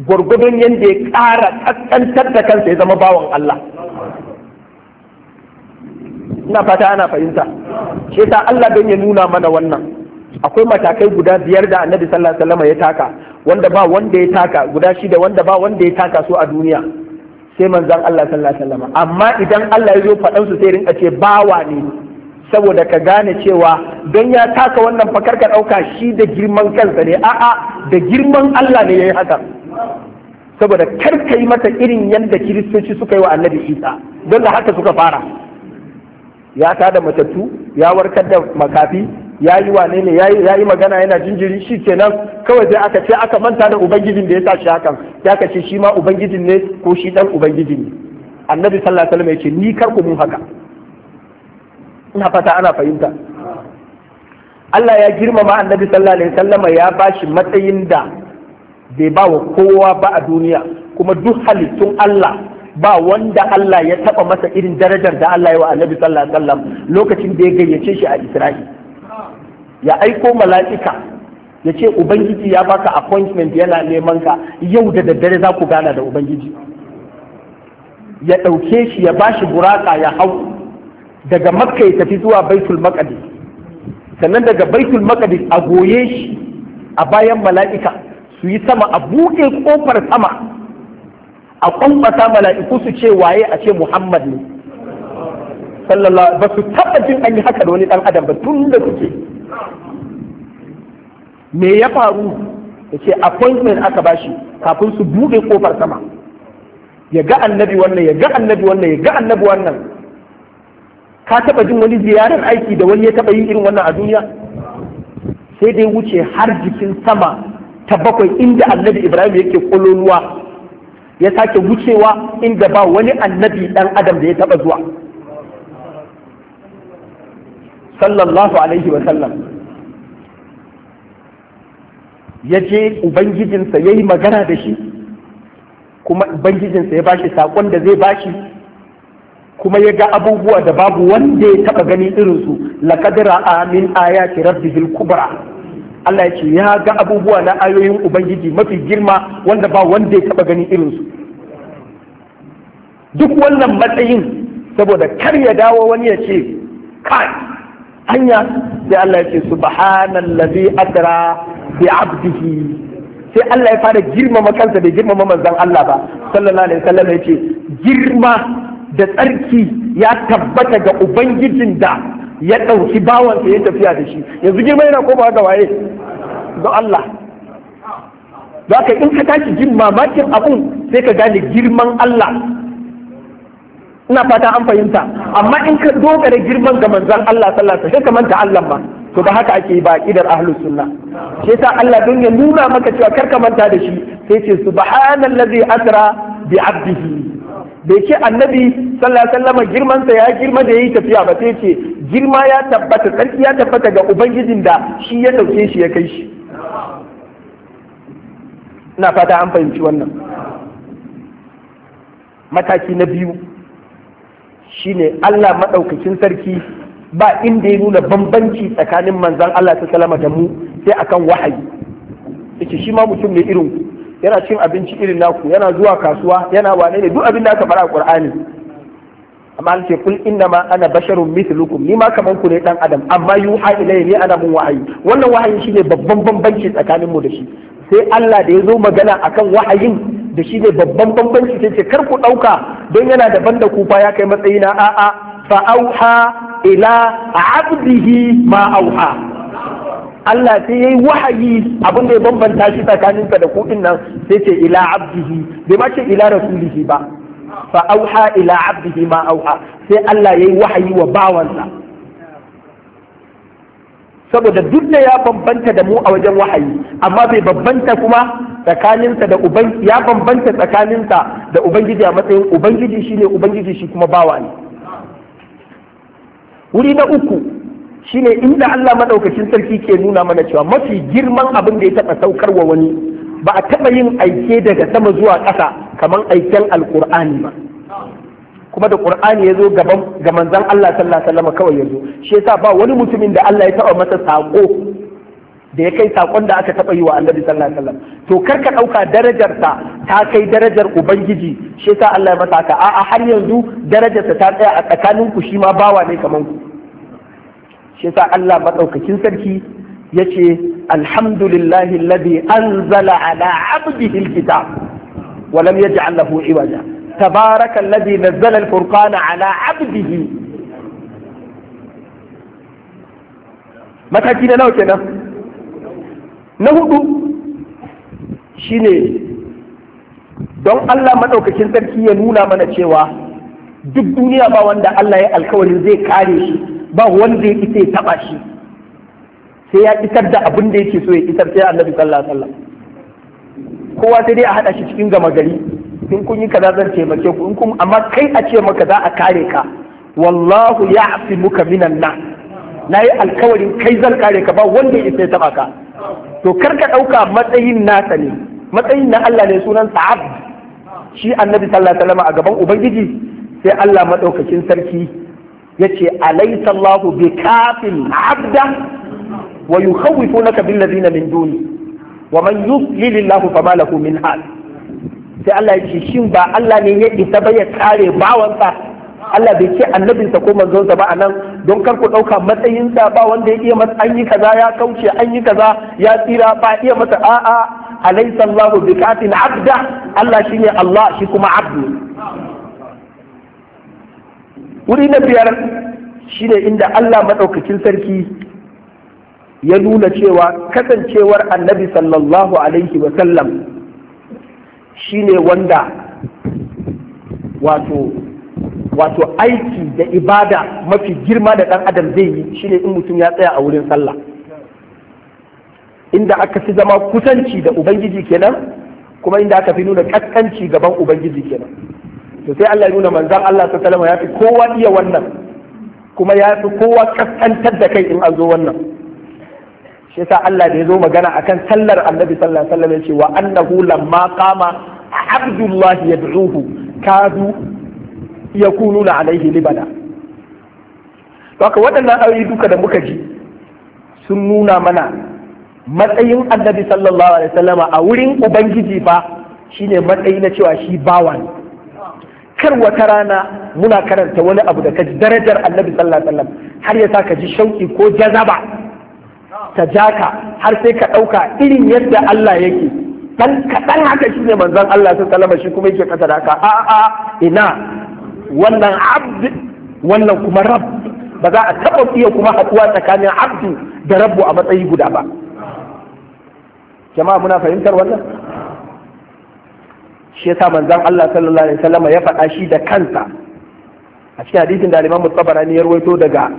gwargwadon yadda ya ƙara ƙasƙantar da kansa ya zama bawan Allah ina fata ana fahimta shi ta Allah don ya nuna mana wannan akwai matakai guda biyar da annabi sallallahu alaihi wasallam ya taka wanda ba wanda ya taka guda shida wanda ba wanda ya taka su a duniya sai manzan Allah sallallahu alaihi wasallam amma idan Allah ya zo faɗan su sai rinka ce bawa ne saboda ka gane cewa don ya taka wannan fakar ka ɗauka shi da girman kansa ne a'a da girman Allah ne yayi haka saboda kar ka yi mata irin yadda kiristoci suka yi wa annabi isa don da haka suka fara ya da matattu ya warkar da makafi ya yi wane ne ya yi magana yana jinjiri shi kenan kawai sai aka ce aka manta da ubangijin da ya sa shi hakan ya ka ce shi ma ubangijin ne ko shi dan ubangijin ne annabi sallallahu alaihi wasallam ya ce ni kar ku mun haka ina fata ana fahimta Allah ya girmama annabi sallallahu alaihi wasallam ya bashi matsayin da bai ba wa kowa ba a duniya kuma duk halittun Allah ba wanda Allah ya taba masa irin darajar da Allah ya wa annabi sallallahu alaihi wasallam lokacin da ya gayyace shi a Isra'ila ya aiko mala'ika ya ce ubangiji ya baka appointment yana neman ka yau da daddare za ku gana da ubangiji ya ɗauke shi ya bashi buraka ya hau daga makka ya tafi zuwa baitul maqdis sannan daga baitul maqdis a goye shi a bayan mala'ika su yi sama a buɗe ƙofar sama a ƙwanƙwasa mala'iku su ce waye a ce muhammad ne sallallahu ba su taɓa jin an yi haka da wani ɗan adam ba tun da suke me ya faru ya ce appointment aka bashi kafin su buɗe ƙofar sama ya ga annabi wannan ya ga annabi wannan ya ga annabi wannan ka taba jin wani ziyarar aiki da wani ya taba yi irin wannan a duniya sai dai wuce har jikin sama ta bakwai inda annabi ibrahim yake kololuwa ya sake wucewa inda ba wani annabi dan adam da ya taɓa zuwa sallallahu alaihi wa sallam ya je ubangijinsa ya yi magana da shi kuma ubangijinsa ya bashi saƙon da zai bashi kuma ya ga abubuwa da babu wanda ya taɓa gani irinsu laƙadira amin ayati rabbihil kubra Allah ya ce ya ga abubuwa na ayoyin ubangiji mafi girma wanda ba wanda ya taɓa gani irinsu duk wannan matsayin saboda kar ya dawo wani ya ce kai hanya sai Allah ya ce subhanallazi adra bi abdihi sai Allah ya fara girmama kansa bai girmama manzon Allah ba sallallahu alaihi wasallam ya ce girma da tsarki ya tabbata ga ubangijin da ya ɗauki bawansa ya tafiya da shi yanzu girma yana koma ga waye ga Allah za ka in ka tashi jin mamakin abun sai ka gane girman Allah ina fata an fahimta amma in ka dogara girman ga manzon Allah sallallahu alaihi wasallam ka manta Allah ma to ba haka ake ba kidar ahlus sunna sai ta Allah don ya nuna maka cewa kar ka manta da shi sai ce subhanallazi asra bi abdihi bai ce annabi sallallahu alaihi wasallam girman sa ya girma da yayi tafiya ba sai ce girma ya tabbata tsarki ya tabbata ga ubangijin da shi ya dauke shi ya kai shi ina fata an fahimci wannan mataki na biyu shine Allah maɗaukakin sarki ba inda ya nuna bambanci tsakanin manzan Allah ta salama da mu sai akan wahayi yace shi ma mutum ne irin yana cin abinci irin naku yana zuwa kasuwa yana wane ne duk abin da aka fara a Qur'ani amma an ce kul ma ana basharun mithlukum ni ma kaman ku ne dan adam amma yuha ilayya ni ana mun wahayi wannan wahayi shine babban bambanci tsakanin mu da shi sai Allah da ya zo magana akan wahayin da shi ne babban bambanci ce kar ku ɗauka don yana daban da kufa ya kai matsayi na a'a fa auha ila abdihi ma auha Allah sai yayi wahayi abin da ya bambanta shi tsakaninka da kuɗin nan sai ce ila abdihi bai ma ce ila rasulihi ba fa auha ila abdihi ma auha sai Allah yayi wahayi wa bawansa saboda duk da ya bambanta da mu a wajen wahayi amma bai bambanta kuma tsakaninsa da uban ya bambanta tsakaninsa da ubangiji a matsayin ubangiji shine ubangiji shi kuma bawa ne wuri na uku shine inda Allah madaukakin sarki ke nuna mana cewa mafi girman abin da ya taɓa wa wani ba a taɓa yin aike daga sama zuwa ƙasa kamar aiken alkur'ani ba kuma da qur'ani ya zo gaban ga manzon Allah sallallahu alaihi wasallam kawai ya zo shi yasa ba wani mutumin da Allah ya taba masa sako da ya kai sakon da aka taba yi wa Annabi sallallahu alaihi wasallam to kar ka dauka darajar ta ta kai darajar ubangiji shi yasa Allah ya masa ka a'a har yanzu darajar ta ta tsaya a tsakanin ku shi ma bawa ne kaman ku shi yasa Allah madaukakin sarki yace alhamdulillahi alladhi anzala ala abdihi alkitab wa lam yaj'al lahu تبارك الذي نزل الفرقان على عبده mataki na nawa kenan na hudu shine don Allah maɗaukakin sarki ya nuna mana cewa duk duniya ba wanda Allah ya alkawari zai kare shi ba wanda ya ita ya taɓa shi sai ya isar da abin da yake so ya isar sai annabi sallallahu alaihi wasallam kowa sai dai a haɗa shi cikin gama gari in kun yi kaza zan taimake ku in kun amma kai a ce maka za a kare ka wallahu ya'simuka minan Na nayi alkawarin kai zan kare ka ba wanda ya sai taba ka to kar ka ɗauka matsayin nasa ne matsayin na Allah ne sunan sa'ab shi annabi sallallahu alaihi a gaban ubangiji sai Allah madaukakin sarki yace alaysa Allahu kafin 'abda wa yukhawifunaka bil ladina min duni wa man yudlil Allah fama lahu min hal sai Allah ya ce shin ba Allah ne ya isa ba ya kare bawansa Allah bai ce annabinsa ko manzonsa ba anan don kar ku ɗauka matsayinsa ba wanda ya iya masa an yi kaza ya kauce an yi kaza ya tsira ba iya masa a'a alaysa Allahu bikatin abda Allah shine Allah shi kuma abdu wuri na biyar shine inda Allah madaukakin sarki ya nuna cewa kasancewar annabi sallallahu alaihi wa sallam shine wanda wato wato aiki da ibada mafi girma da ɗan adam zai yi shine in mutum ya tsaya a wurin sallah inda aka fi zama kusanci da ubangiji kenan kuma inda aka fi nuna kaskanci gaban ubangiji kenan to sai Allah ya nuna manzon Allah sallallahu alaihi ya fi kowa iya wannan kuma ya fi kowa kaskantar da kai in an zo wannan shi yasa Allah da ya zo magana akan sallar annabi sallallahu alaihi wasallam ya ce wa annahu lamma qama abdullahi yad'uhu kadu yakununa alaihi libada haka waɗannan ayoyi duka da muka ji sun nuna mana matsayin annabi sallallahu alaihi wasallama a wurin ubangiji fa shine matsayi na cewa shi bawa ne kar wata rana muna karanta wani abu da ka ji darajar annabi sallallahu alaihi wasallam har ya sa ka ji shauki ko jazaba ta jaka har sai ka ɗauka irin yadda Allah yake dan kaɗan haka shine manzon Allah sun kalama shi kuma yake kasa da haka a a ina wannan abd wannan kuma rab ba za a taɓa iya kuma haɗuwa tsakanin abdu da rabbu a matsayi guda ba jama'a muna fahimtar wannan shi yasa manzon Allah sallallahu alaihi wasallam ya faɗa shi da kansa a cikin hadisin da Imam Tabarani ya rawaito daga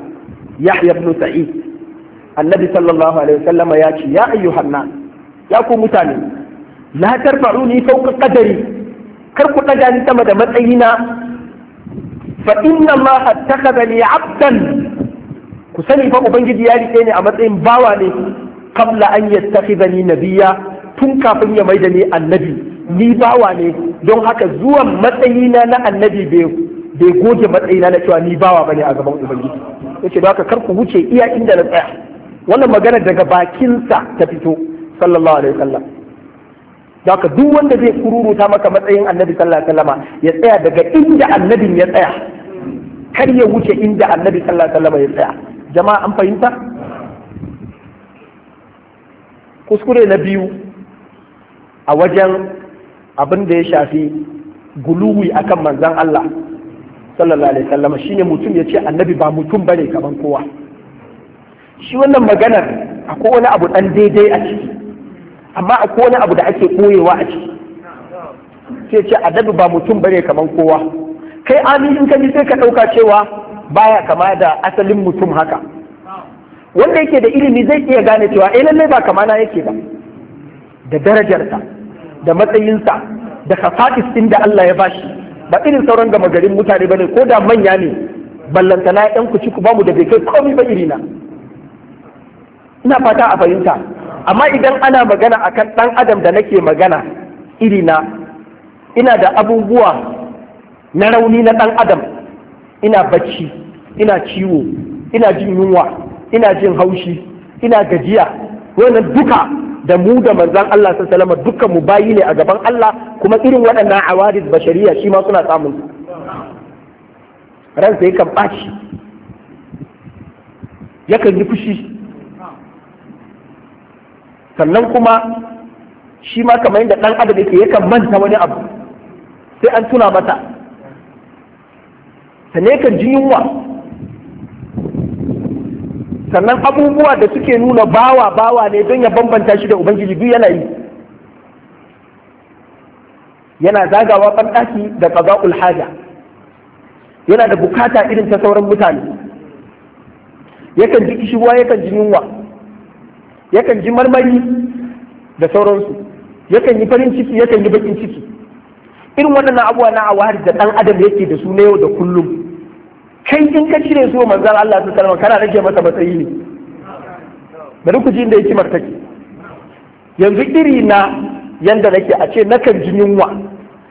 Yahya ibn Sa'id annabi sallallahu alaihi wasallama ya ce ya ayyuhan nas ya ku mutane la ni fawqa qadari kar ku daga ni sama da matsayina fa inna allaha attakhadhani 'abdan ku sani fa ubangiji ya rike ni a matsayin bawa ne qabla an yattakhidhani nabiyya tun kafin ya maida ni annabi ni bawa ne don haka zuwan matsayina na annabi bai goge matsayina na cewa ni bawa bane a gaban ubangiji yace don haka kar ku wuce iya inda na tsaya wannan magana daga bakinsa ta fito sallallahu alaihi wasallam da haka duk wanda zai kururuta maka matsayin annabi sallallahu alaihi wasallam ya tsaya daga inda annabin ya tsaya kar ya wuce inda annabi sallallahu alaihi wasallam ya tsaya jama'a an fahimta kuskure na biyu a wajen abin da ya shafi guluwi akan manzon Allah sallallahu alaihi wasallam shine mutum ya ce annabi ba mutum bane kaman kowa shi wannan maganar akwai wani abu ɗan daidai a ciki amma a wani abu da ake ɓoyewa a ciki sai ce adabi ba mutum bane kamar kowa kai amin in ka sai ka ɗauka cewa baya kama da asalin mutum haka wanda yake da ilimi zai iya gane cewa eh lallai ba kamana yake ba da darajarsa da matsayinsa da kafatis ɗin da Allah ya bashi ba irin sauran gama garin mutane bane ko da manya ne ballantana yan kuci ku bamu da bai kai komi ba irina ina fata a fahimta amma idan ana magana akan ɗan adam da nake magana iri na ina da abubuwa na rauni na ɗan adam ina bacci ina ciwo ina jin yunwa ina jin haushi ina gajiya wannan duka da mu da manzan Allah sun salama dukkan mu bayi ne a gaban Allah kuma irin waɗannan awadis bashariya shi ma suna samun ransa yakan ɓaci yakan yi fushi sannan kuma shi ma kamar yadda ɗan adam yake yakan manta wani abu sai an tuna mata sannan yakan ji yunwa sannan abubuwa da suke nuna bawa bawa ne don ya bambanta shi da ubangiji duk yana yi yana zagawa banɗaki da qada'ul haja yana da bukata irin ta sauran mutane yakan ji kishirwa yakan ji yunwa yakan ji marmari da sauransu yakan yi farin ciki yakan yi bakin ciki irin waɗannan abubuwa na awahar da ɗan adam yake da su na yau da kullum kai in ka cire su manzan Allah ta salama kana rage masa matsayi ne bari ku ji inda yake martaki yanzu iri na yanda nake a ce nakan ji yunwa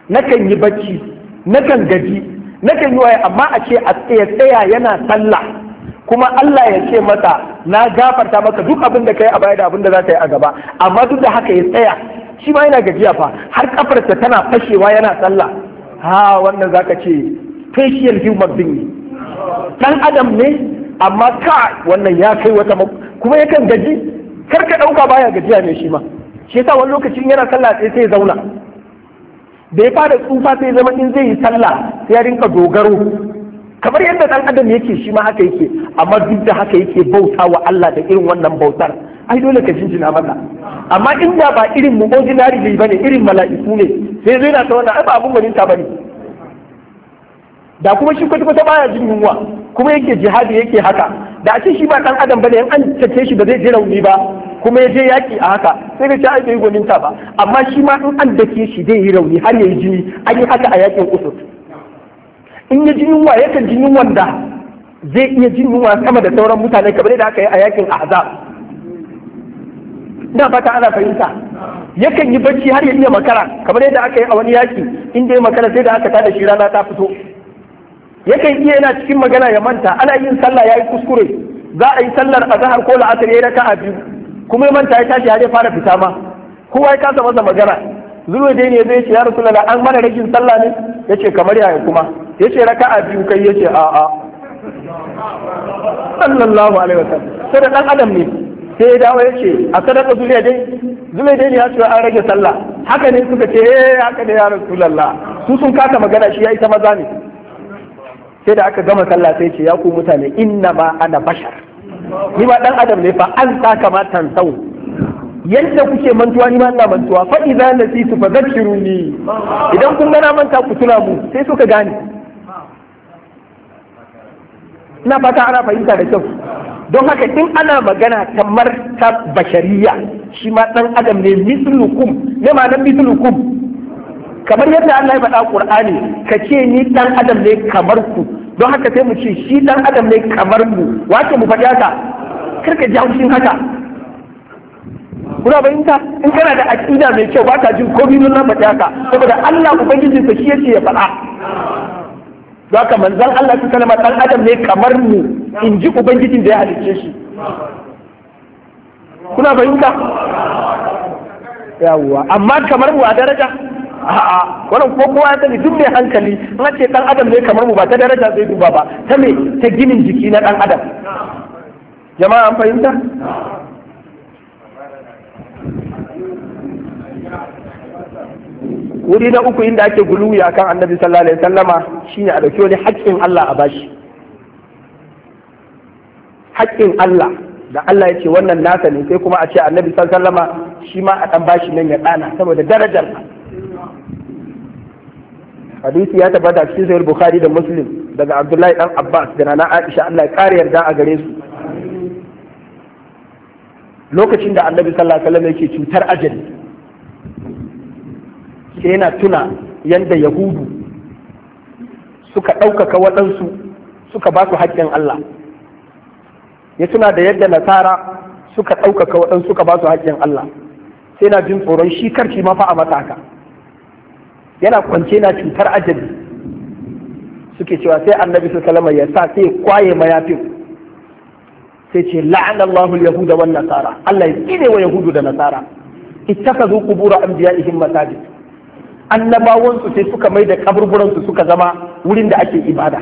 nakan yi bacci nakan gaji nakan yi waye amma a ce a tsaya tsaya yana sallah kuma Allah ya ce masa na gafarta maka duk abin da kai a baya da abin da za ka yi a gaba amma duk da haka ya tsaya shi ma yana gajiya fa har kafarsa tana fashewa yana sallah ha wannan zaka ce facial human being ne dan adam ne amma ka wannan ya kai wata kuma yakan gaji kar ka dauka baya gajiya ne shi ma shi yasa wani lokacin yana sallah sai sai zauna da ya fara tsufa sai zama in zai yi sallah sai ya rinka dogaro kamar yadda dan adam yake shi ma haka yake amma duk da haka yake bauta wa Allah da irin wannan bautar ai dole ka jinjina maka amma inda ba irin mu ordinary ne bane irin mala'iku ne sai zai na ta wannan ai ba abun ta bane da kuma shi kwata kwata baya jin yunwa kuma yake jihadi yake haka da a ce shi ba dan adam bane in an cace shi ba zai je rauni ba kuma ya je yaki a haka sai ka ce ai bai gwaninta ba amma shi ma in an dake shi zai yi rauni har yayi jini an yi haka a yakin usut in ya ji yunwa yakan ji yunwan da zai iya jin yunwa sama da sauran mutane kamar da aka yi a yakin azab. ina fata ana fahimta yakan yi bacci har ya iya makara kamar yadda aka yi a wani yaki inda dai makara sai da aka tada shi rana ta fito yakan iya yana cikin magana ya manta ana yin sallah ya yi kuskure za a yi sallar azhar ko la'asar yayi raka'a biyu kuma ya manta ya tashi har ya fara fita ma kowa ya kasa masa magana zuwa dai ne zai ce ya rasu an mana rashin sallah ne Ya ce kamar yaya kuma ya ce a biyu kai ya ce a sallallahu alaihi wasallam sai da dan adam ne sai ya dawo ya ce a sadaka zuliya dai zuliya dai ne ya ce an rage sallah haka ne suka ce eh haka ne ya rasulullah su sun kasa magana shi ya ita maza ne sai da aka gama sallah sai ce ya ku mutane inna ma ana bashar ni ma dan adam ne fa an sa kamatan sau yadda kuke mantuwa ni ma ina mantuwa fa idza nasitu fa zakkiruni idan kun gana manta ku tuna mu sai suka gane ina fata ana fahimta da kyau don haka in ana magana kamar ta bashariya shi ma dan adam ne mislukum ne ma nan mislukum kamar yadda Allah ya faɗa Qur'ani ka ce ni dan adam ne kamar ku don haka sai mu ce shi dan adam ne kamar mu wace mu faɗi haka karka ji haushin haka kuna bayinta in kana da aqida mai kyau ba ka jin komai nan faɗi haka saboda Allah ubangiji sa shi yake ya faɗa zaka manzan Allah su kalama ɗan adam ne kamar mu in ji ubangijin da ya halicce shi kuna fahimta yawwa amma kamar mu a daraja a'a wannan ko kowa ya sani duk mai hankali in ce dan adam ne kamar mu ba ta daraja zai duba ba ta me ta ginin jiki na dan adam jama'a an fahimta wuri na uku inda ake guluwi akan annabi sallallahu alaihi wasallama shine a dauki wani haƙƙin Allah a bashi haƙƙin Allah da Allah ya ce wannan nasa ne sai kuma a ce annabi sallallahu alaihi shi ma a dan bashi nan ya dana saboda darajar hadisi ya tabbata cikin sahih bukhari da muslim daga abdullahi dan abbas da nana aisha Allah ya kare yarda a gare su lokacin da annabi sallallahu alaihi wasallam yake cutar ajali sai yana tuna yadda yahudu suka ɗaukaka waɗansu suka ba su haƙƙin Allah ya tuna da yadda nasara suka ɗaukaka waɗansu suka ba su haƙƙin Allah sai na jin tsoron shi karshi mafa a mataka yana kwance na cutar ajabi suke cewa sai annabi su kalama ya sa sai kwaye mayafin sai ce la'an Allah yahuda wan nasara Allah ya tsine wa yahudu da nasara Ita ka zo ittakazu qubur anbiya'ihim masajid annabawansu sai suka mai da kaburburansu suka zama wurin da ake ibada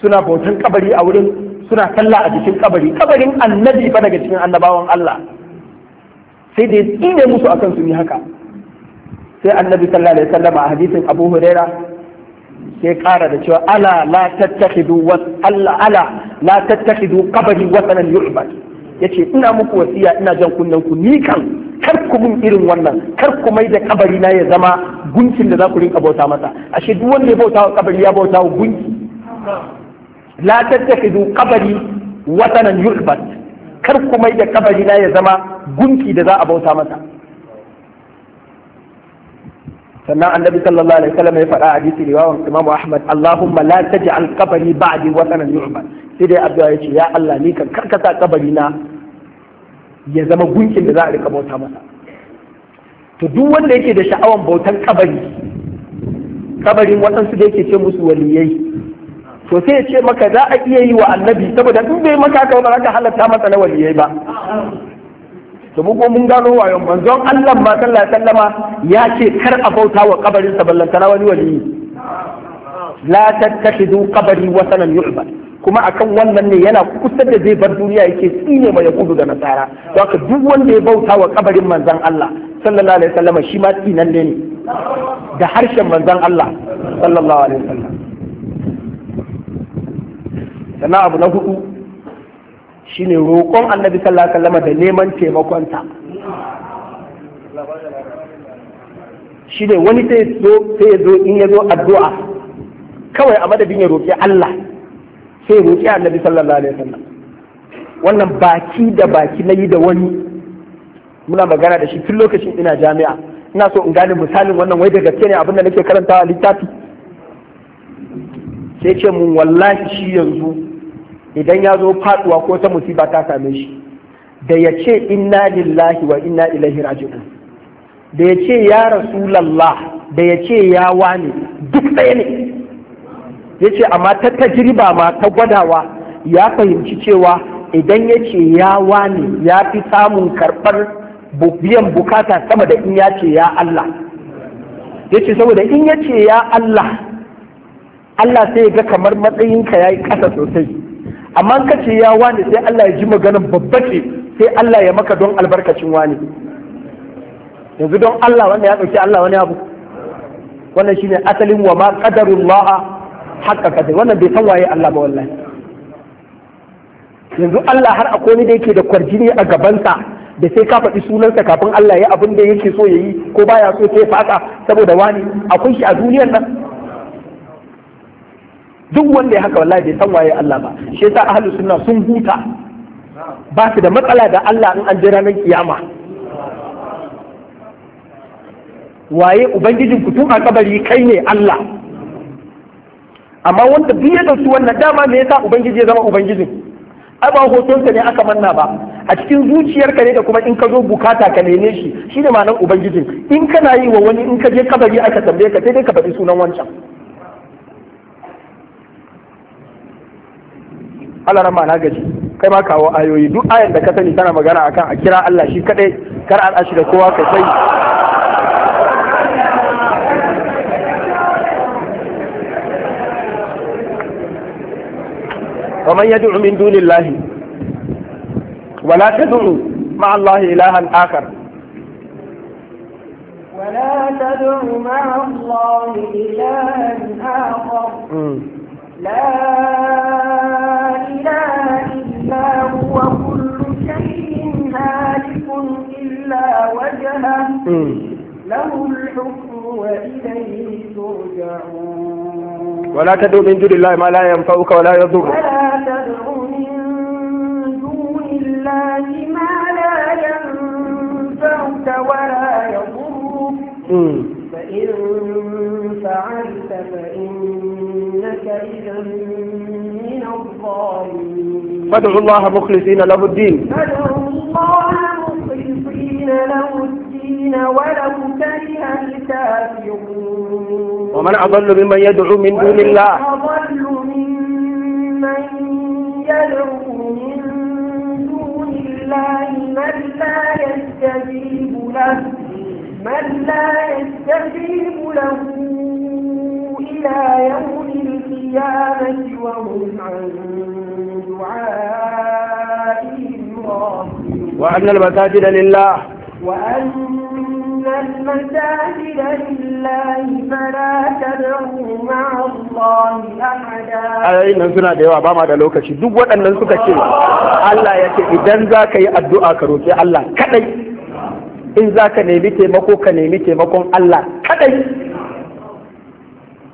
suna bautan kabari a wurin suna sallah a cikin kabari kabarin annabi fa daga cikin annabawan Allah sai da tsine musu akan su yi haka sai annabi sallallahu alaihi wasallam a hadisin Abu Huraira sai kara da cewa ala la tattakhidu wa ala la tattakhidu qabri wa sanan yu'bad yace ina muku wasiya ina jan kunnen ku ni kan kar ku mun irin wannan kar ku mai da kabari na ya zama gunkin da za ku rinka bauta masa ashe duk wanda ya bauta wa kabari ya bauta wa gunki la tattakhidu qabri watanan yurbat kar ku mai da kabari na ya zama gunki da za a bauta masa sannan annabi sallallahu alaihi wasallam ya faɗa a hadisi riwayan Imam Ahmad Allahumma la taj'al qabri ba'di watanan yu'bad sai dai addu'a ya ce ya Allah ni kan karkasa kabari na ya zama gunkin da za a rika bauta masa to duk wanda yake da sha'awan bautan kabari kabarin waɗansu da yake ce musu waliyai to sai ya ce maka za a iya yi wa annabi saboda duk bai maka haka ba za ka halatta masa na waliyai ba to mu ko mun gano wayon manzon Allah ma sallallahu alaihi wasallama ya ce kar a bauta wa kabarin sa ballantana wani waliyi la tattakhidu qabri wasanan yu'bad kuma akan wannan ne yana kusa da zai bar duniya yake tsine mai yahudu da nasara to haka duk wanda ya bauta wa kabarin manzon Allah sallallahu alaihi wasallam shi ma tsinan ne da harshen manzon Allah sallallahu alaihi wasallam sannan abu na hudu shine roƙon annabi sallallahu alaihi wasallam da neman taimakonsa shi ne wani sai zo in ya zo addu'a kawai a madadin ya roƙi Allah sai roƙi annabi sallallahu alaihi wasallam wannan baki da baki na yi da wani muna magana da shi tun lokacin ina jami'a ina so in gane misalin wannan wai da gaske ne abinda nake karantawa a littafi sai ce mun wallahi shi yanzu idan ya zo faduwa ko ta musiba ta same shi da ya ce inna lillahi wa inna ilaihi raji'un da ya ce ya rasulallah da ya ce ya wani duk ɗaya ne ya ce amma ta tajriba ma ta gwadawa ya fahimci cewa idan ya ce ya wani ya fi samun karɓar biyan bukata sama da in ya ce ya Allah ya ce saboda in ya ce ya Allah Allah sai ya ga kamar matsayinka ya yi ƙasa sosai amma ka ce ya wani sai Allah ya ji maganin babba ce sai Allah ya maka don albarkacin wani yanzu don Allah wanda ya ɗauki Allah wani abu wannan shine asalin wa ma qadarullah haka kadai wannan bai san waye Allah ba wallahi yanzu Allah har a komai da yake da kwarjini a gabansa da sai ka faɗi sunansa kafin Allah ya abin da yake so ya yi ko baya so sai fata saboda wani akwai shi a duniyar nan duk wanda ya haka wallahi bai san waye Allah ba shi yasa ahlus sunna sun huta ba su da matsala da Allah in an jira ranar kiyama waye ubangijin ku tun a kabari kai ne Allah amma wanda biye da su wannan dama me yasa ubangiji ya zama ubangijin a'ba ba hotonsa ne aka manna ba a cikin zuciyarka ne da kuma in ka zo bukata ka neme shi shine ma'anar ubangijin in kana yi wa wani in ka je kabari aka tambaye ka sai dai ka faɗi sunan wancan Allah ran na gaji kai ma kawo ayoyi duk ayan da ka sani tana magana akan a kira Allah shi kadai kar al'ashi da kowa ka sai ومن يدعو من دون الله ولا تدعو مع الله إلها آخر ولا تدعو مع الله إلها آخر لا إله إلا هو كل شيء هالك إلا وجهه له الحكم وإليه ترجعون ولا تدعو من دون الله ما لا ينفعك ولا يضرك ولا تدعو من دون الله ما لا ينفعك ولا يضرك فإن فعلت فإنك إذا من الظالمين فادعوا الله مخلصين له الدين فادعوا الله مخلصين له الدين ولو كره الكافرون ومن أضل ممن يدعو من دون الله يدعو من دون الله من لا يستجيب له من لا يستجيب له إلى يوم القيامة وهم عن دعائهم راضون وأن المساجد لله وأن إن المساجد لله فلا تدعوا مع الله أحدا أي نن suna da yawa ba ma da lokaci duk waɗannan suka ce Allah ya ce idan za ka yi addu'a ka roƙi Allah kaɗai in za ka nemi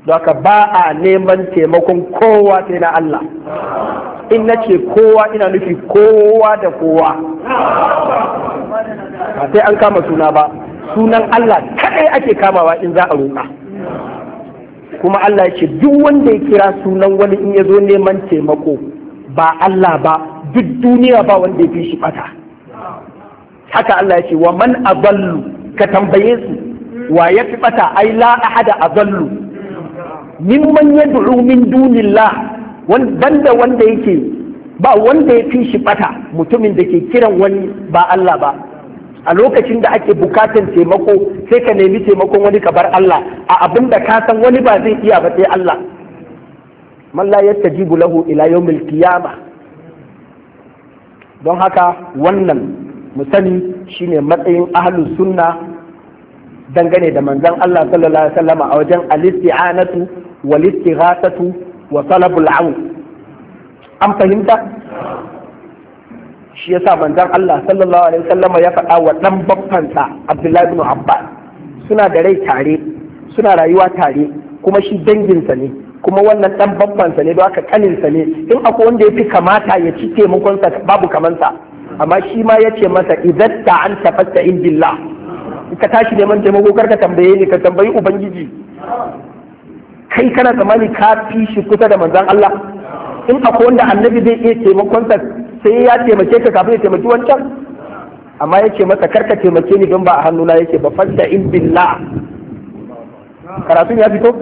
kaɗai ba a neman taimakon kowa sai na Allah in na ce kowa ina nufi kowa da kowa ba sai an kama suna ba sunan Allah kaɗai ake kamawa in za a roƙa kuma Allah ya ce duk wanda ya kira sunan wani in ya zo neman taimako ba Allah ba duk duniya ba wanda ya fi shi ɓata, haka Allah ya ce wa man azallu ka tambaye su wa ya fi bata ai la ahada azallu mimman yad'u min dunillah banda wanda yake ba wanda ya fi shi ɓata mutumin da ke kiran wani ba Allah ba a lokacin da ake bukatan taimako sai ka nemi taimakon wani ka bar Allah a abin da ka san wani ba zai iya ba sai Allah man la yastajibu lahu ila yawmil qiyamah don haka wannan mu sani shine matsayin ahlus sunna dangane da manzon Allah sallallahu alaihi wasallam a wajen al-isti'anatu wal istighathatu wa talabul aun an fahimta shi yasa manzan Allah sallallahu alaihi wasallama ya faɗa wa ɗan babbansa Abdullahi bin Abbas suna da rai tare suna rayuwa tare kuma shi danginsa ne kuma wannan ɗan babbansa ne don haka kaninsa ne in akwai wanda ya fi kamata ya ci taimakonsa babu kamansa amma shi ma ya ce masa idan an tafasta in billah ka tashi neman taimako kar ka tambaye ni ka tambayi ubangiji kai kana tsammani ka fi shi kusa da manzan Allah in akwai wanda annabi zai iya taimakonsa sai ya taimake ka kafin ya taimaki wancan amma ya ce masa karka taimake ni don ba a hannuna yake ba fadda in billah karatun ya fito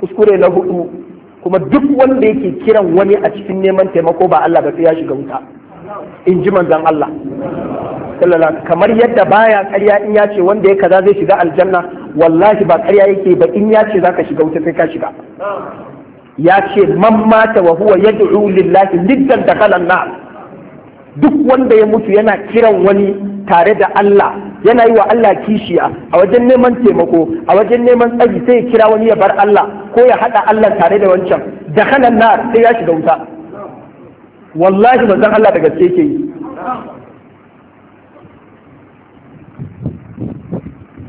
kuskure na hudu kuma duk wanda yake kiran wani a cikin neman taimako ba Allah ba sai ya shiga wuta in ji manzon Allah kamar yadda baya karya in ya ce wanda ya kaza zai shiga aljanna wallahi ba karya yake ba in ya ce zaka shiga wuta sai ka shiga ya ce man mata wa huwa yad'u lillahi liddan dakhala na duk wanda ya mutu yana kiran wani tare da Allah yana yi wa Allah kishiya a wajen neman taimako a wajen neman tsari sai ya kira wani ya bar Allah ko ya haɗa Allah tare da wancan dakhala nar sai ya shiga wuta wallahi manzon Allah da gaske yake yi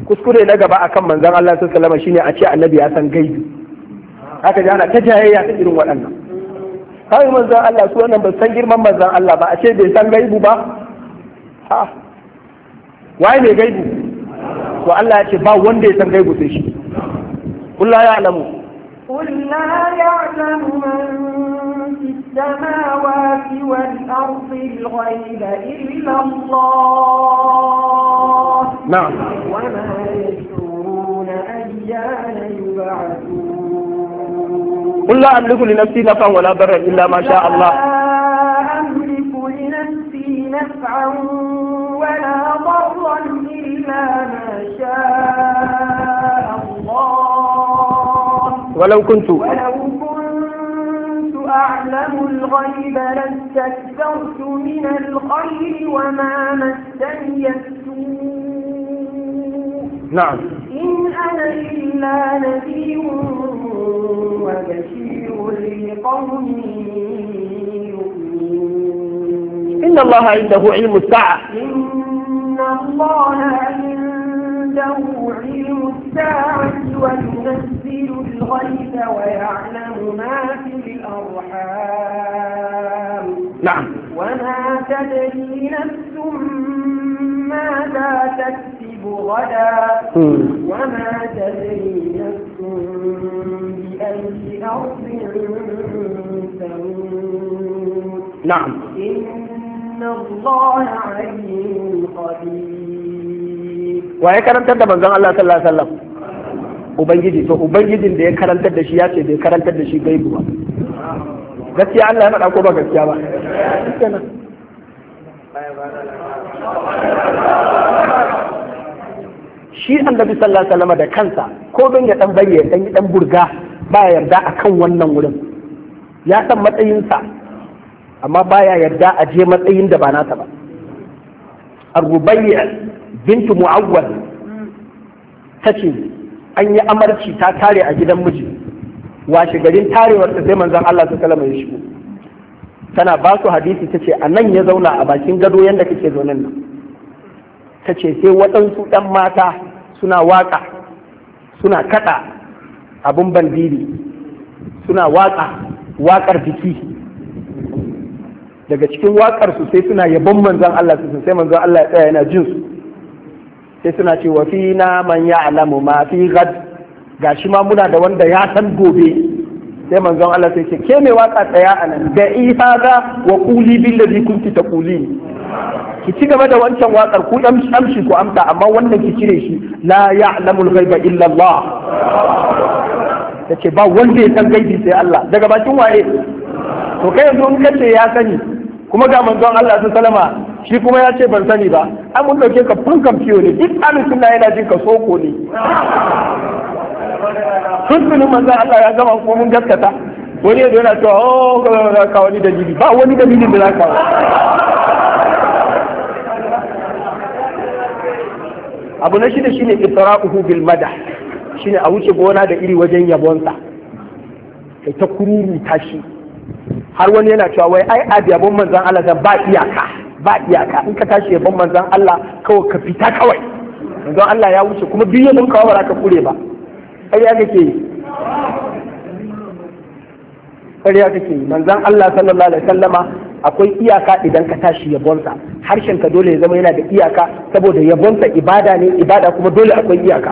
kuskure na gaba akan manzon Allah sun alaihi wasallam shine a ce annabi ya san gaibi haka ji ana ta jayayya ta irin waɗannan kawai manzon Allah su wannan ba san girman manzon Allah ba a ce bai san gaibu ba ha waye mai gaibu to Allah ya ce ba wanda ya san gaibu sai shi kullaya alamu kullaya alamu السماوات والأرض الغيب إلا الله نعم وما يشعرون أيان يبعثون قل لا أملك لنفسي نفعا ولا ضرا إلا ما شاء الله لا أملك لنفسي نفعا ولا ضرا إلا ما شاء الله ولو كنت ولو أعلم الغيب لاستكثرت من الخير وما مسني السوء نعم إن أنا إلا نذير وبشير لقوم يؤمنون إن الله عنده علم الساعة إن الله عنده له علم الساعة وينزل الغيث ويعلم ما في الأرحام نعم وما تدري نفس ماذا تكسب غدا وما تدري نفس بأي أرض تموت نعم إن الله عليم قدير wa ya karantar da manzon Allah sallallahu alaihi wasallam ubangiji to ubangijin da ya karantar da shi ya ce bai karantar da shi gaibu ba gaskiya Allah ya faɗa ko ba gaskiya ba shi annabi sallallahu alaihi wasallam da kansa ko don ya dan bayyana dan dan burga ba yarda akan wannan wurin ya san matsayinsa amma baya yarda a je matsayin da ba nata ba argubayya bintu mu'awwal tace an yi amarci ta tare a gidan miji washe garin tarewar ta sai manzon Allah sallallahu alaihi ya shigo tana ba su hadisi tace a nan ya zauna a bakin gado yanda kake zo nan tace sai waɗansu ɗan mata suna waka suna kada abun bandiri suna waka wakar biki daga cikin wakar su sai suna yabon manzon Allah sai manzon Allah ya tsaya yana jin su sai suna ce wa fi na man ya alamu ma fi gad gashi ma muna da wanda ya san gobe sai manzon Allah sai ce ke mai waka tsaya a nan da isa wa kuli bil ladhi kunti taquli ki ci gaba da wancan wakar ku dan amshi ku amsa amma wannan ki cire shi la ya'lamu al-ghaiba illa Allah tace ba wanda ya san gaibi sai Allah daga bakin waye to kai yanzu in kace ya sani kuma ga manzon Allah ta salama shi kuma ya ce ban sani ba an mun dauke ka fun fiyo ne duk ahlus suna yana jin ka soko ne sunnin manzon Allah ya gama ko mun gaskata wani yadda yana cewa oh ka wani dalili ba wani dalilin da za ka abu na shida shine isra'uhu bil madah shine a wuce gona da iri wajen yabonsa ta kururu tashi har wani yana cewa wai ai a yabon manzan Allah da ba iyaka ba iyaka in ka tashi yabon manzan Allah kawai ka fita kawai don Allah ya wuce kuma biyu mun kawo ba za ka kure ba ƙarya kake yi ƙarya kake yi manzan Allah sallallahu alaihi wasallama akwai iyaka idan ka tashi yabonsa harshen ka dole ya zama yana da iyaka saboda yabonsa ibada ne ibada kuma dole akwai iyaka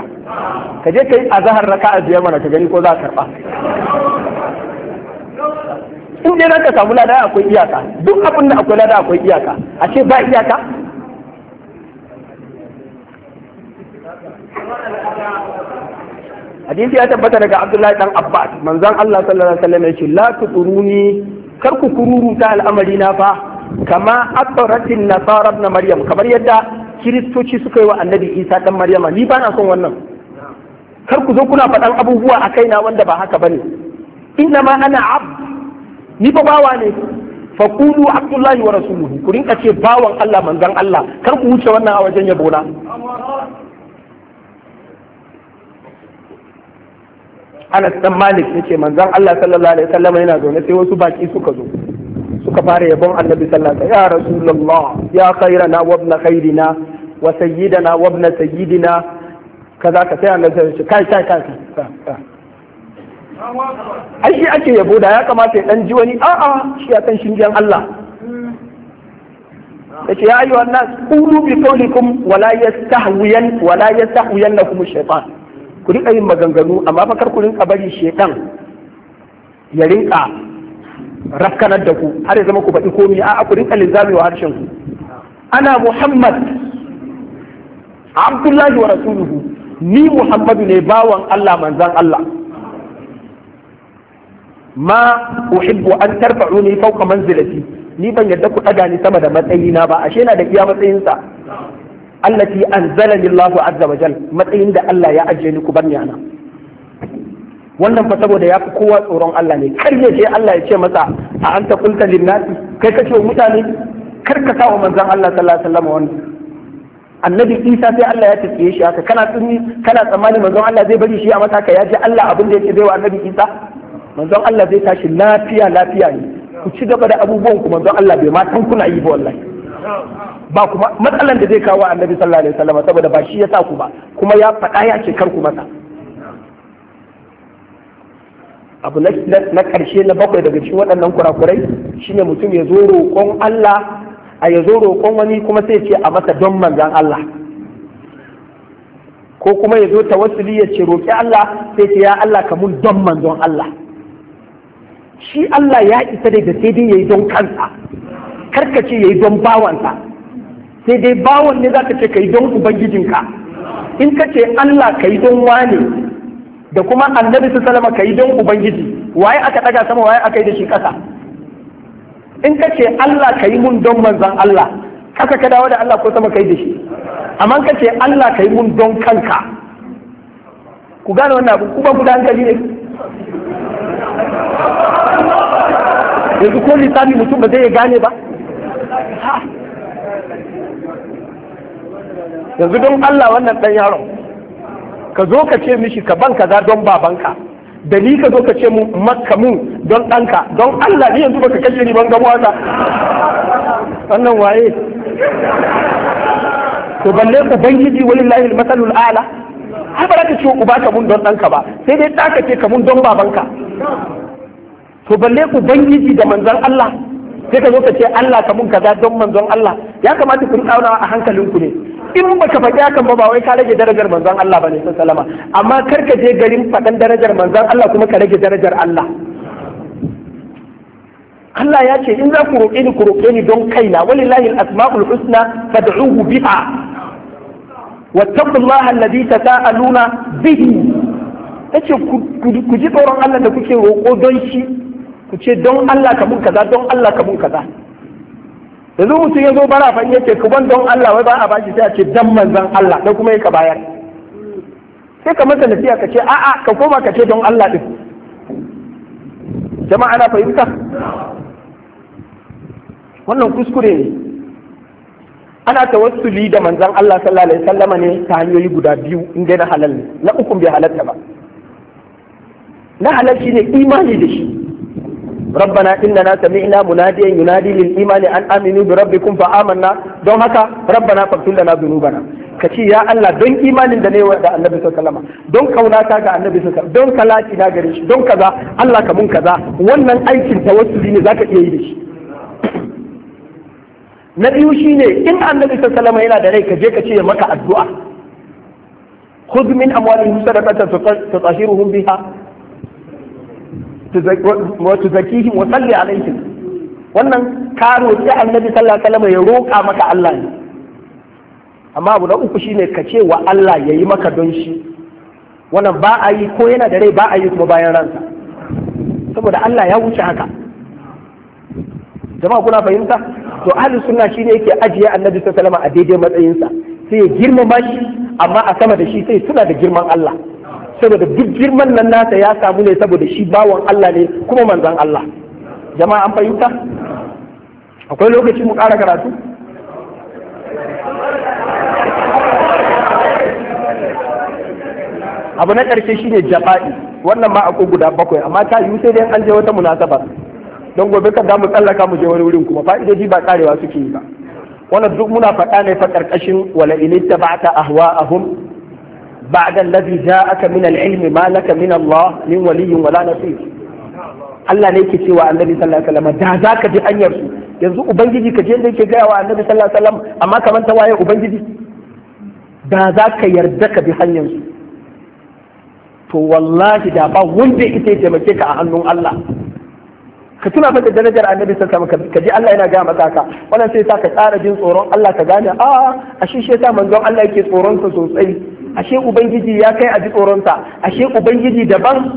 ka je kai azhar raka'a biyar mana ka gani ko za ka karba in dai ka samu lada akwai iyaka duk abin da akwai lada akwai iyaka a ce ba iyaka hadisi ya tabbata daga abdullahi dan abbas manzon allah sallallahu alaihi wasallam ya ce la tuturuni kar ku ta al'amari na fa kama abaratin nasara na maryam kamar yadda kiristoci suka yi wa annabi isa dan maryama ni ba na son wannan kar ku zo kuna faɗan abubuwa a kaina wanda ba haka bane inna ma ana abd ni fa bawa ne fa Kulu abdullahi wa rasuluhu ku rinka ce bawan Allah manzon Allah kar ku wuce wannan a wajen yabo na Anas san Malik yace manzon Allah sallallahu alaihi wasallam yana zaune sai wasu baki suka zo suka fara yabon Annabi sallallahu alaihi wasallam ya rasulullah ya khairana wa ibn khairina wa sayyidana wa ibn sayyidina kaza ka sai Annabi sai kai kai kai ai shi ake yabo da ya kamata ya dan ji wani a'a shi ya kan shingen Allah yace ya ayyuhan nas qulu bi qawlikum wa la yastahwiyan wa la yastahwiyannakum shaytan ku rika yin maganganu amma fa kar ku rinka bari shaytan ya rinka rafkanar da ku har ya zama ku baɗi komi a'a ku rinka linzami wa harshen ku ana muhammad abdullahi wa rasuluhu ni muhammadu ne bawan Allah manzan Allah ma uhibbu an tarfa'uni fawqa manzilati ni ban yadda ku daga ni sama da matsayina ba ashe na da iya matsayinsa allati anzalani Allahu azza wa jal matsayin da Allah ya ajiye ni ku bar ni ana wannan fa saboda ya fi kowa tsoron Allah ne kar ya ce Allah ya ce masa a anta qulta linnasi kai ka ce mutane kar ka sa wa manzon Allah sallallahu alaihi wasallam annabi Isa sai Allah ya tafiye shi haka kana tsini kana tsammani manzon Allah zai bari shi a mata ka ya ji Allah abin da yake zai wa annabi Isa manzon Allah zai tashi lafiya lafiya ne ku ci gaba da abubuwan ku manzon Allah bai ma san kuna yi ba wallahi ba kuma matsalan da zai kawo annabi sallallahu alaihi wasallam saboda ba shi ya sa ku ba kuma ya faɗa ya ce kar ku masa abu na ƙarshe na bakwai daga cikin waɗannan kurakurai shine mutum ya zo roƙon Allah a ya zo roƙon wani kuma sai ce a masa don manzan Allah ko kuma ya zo tawassuli ya ce roƙi Allah sai ce ya Allah ka mun don manzon Allah shi Allah ya isa dai da sai dai yayi don kansa karkace yayi don bawansa sai dai bawan ne zaka ce kai don ubangijinka in ka ce Allah kai don wane da kuma annabi su salama kai don ubangiji waye aka daga sama waye aka yi da shi kasa in ka ce Allah kai mun don manzon Allah kasa ka dawo da Allah ko sama kai da shi amma ka ce Allah kai mun don kanka ku gane wannan abu kuma ku da hankali ne yanzu ko lissafi mutum ba zai gane ba yanzu don Allah wannan ɗan yaron ka zo ka ce mishi ka ban za don babanka da ni ka zo ka ce mu mun don ɗanka don Allah ni yanzu baka kashe ni ban gamo wata wannan waye to balle ubangiji walillahi almasalul ala har ba za ka ce uba ka mun don ɗanka ba sai dai ɗaka ce ka mun don babanka to balle ku bangiji da manzon Allah sai ka zo ka ce Allah ka mun kaza don manzon Allah ya kamata ku tsauna a hankalin ku ne in baka faɗi hakan ba ba wai ka rage darajar manzon Allah bane sallama amma kar ka je garin faɗan darajar manzon Allah kuma ka rage darajar Allah Allah ya ce in za ku roƙe ni ku roƙe ni don kaina walillahi al-asma'ul husna fad'uhu biha wattaqullaha alladhi tata'aluna bihi yace ku ji tsoron Allah da kuke roko don shi ku ce don Allah ka mun kaza don Allah ka mun kaza yanzu mutum ya zo bara fa yake ku ban don Allah wai ba a bashi sai a ce dan manzon Allah dan kuma ka bayar sai ka masa lafiya ka ce a'a ka koma ka ce don Allah din jama'a na fahimta wannan kuskure ne ana tawassuli da manzon Allah sallallahu alaihi wasallama ne ta hanyoyi guda biyu in na halal ne na ukun bai halatta ba na halal shine imani da shi rabbana innana sami'na munadiyan yunadi lil imani an aminu bi rabbikum fa amanna don haka rabbana faghfir lana dhunubana ka ce ya Allah don imanin da ne da annabi sallallahu alaihi don kaunata ga annabi sallallahu don salati na gare shi don kaza Allah ka mun kaza wannan aikin tawassuli ne zaka iya yi da shi na biyu shine in annabi sallallahu alaihi yana da rai ka je ka ce maka addu'a khudh min amwalihim sadaqatan tutahhiruhum biha tuzakihim wa salli alaihim wannan ka roƙi annabi sallallahu alaihi wasallam ya roƙa maka Allah ne amma abu na uku shine ka ce wa Allah ya yi maka don shi wannan ba a yi ko yana da rai ba a yi kuma bayan ransa saboda Allah ya wuce haka jama'a kuna fahimta to ahli sunna shine yake ajiye annabi sallallahu alaihi wasallam a daidai matsayinsa sai ya girmama shi amma a sama da shi sai suna da girman Allah saboda duk girman nan nasa ya samu ne saboda shi bawan Allah ne kuma manzan Allah jama'a an fahimta akwai lokaci mu ƙara karatu abu na ƙarshe shine jafa'i wannan ma akwai guda bakwai amma ta yiwu sai dai an je wata munasaba don gobe ka damu tsallaka mu je wani wurin kuma fa'idoji ba karewa suke yi ba wannan duk muna faɗa ne fa ƙarƙashin wala in a ahwa'ahum بعد الذي جاءك من العلم ما لك من الله من ولي ولا نصير Allah ne yake cewa Annabi sallallahu alaihi da za ka ji hanyar yanzu ubangiji ka je da gaya wa Annabi sallallahu amma kamar ta waye ubangiji da za ka yarda ka bi hanyar su to wallahi da wanda ita ya taimake ka a hannun Allah ka tuna fa da darajar annabi sallallahu ka ji Allah yana ga maka ka wannan sai sa ka tsara jin tsoron Allah ka gane a a shi yasa manzon Allah ke tsoron ka sosai ashe ubangiji ya kai a ji tsoronsa ashe ubangiji daban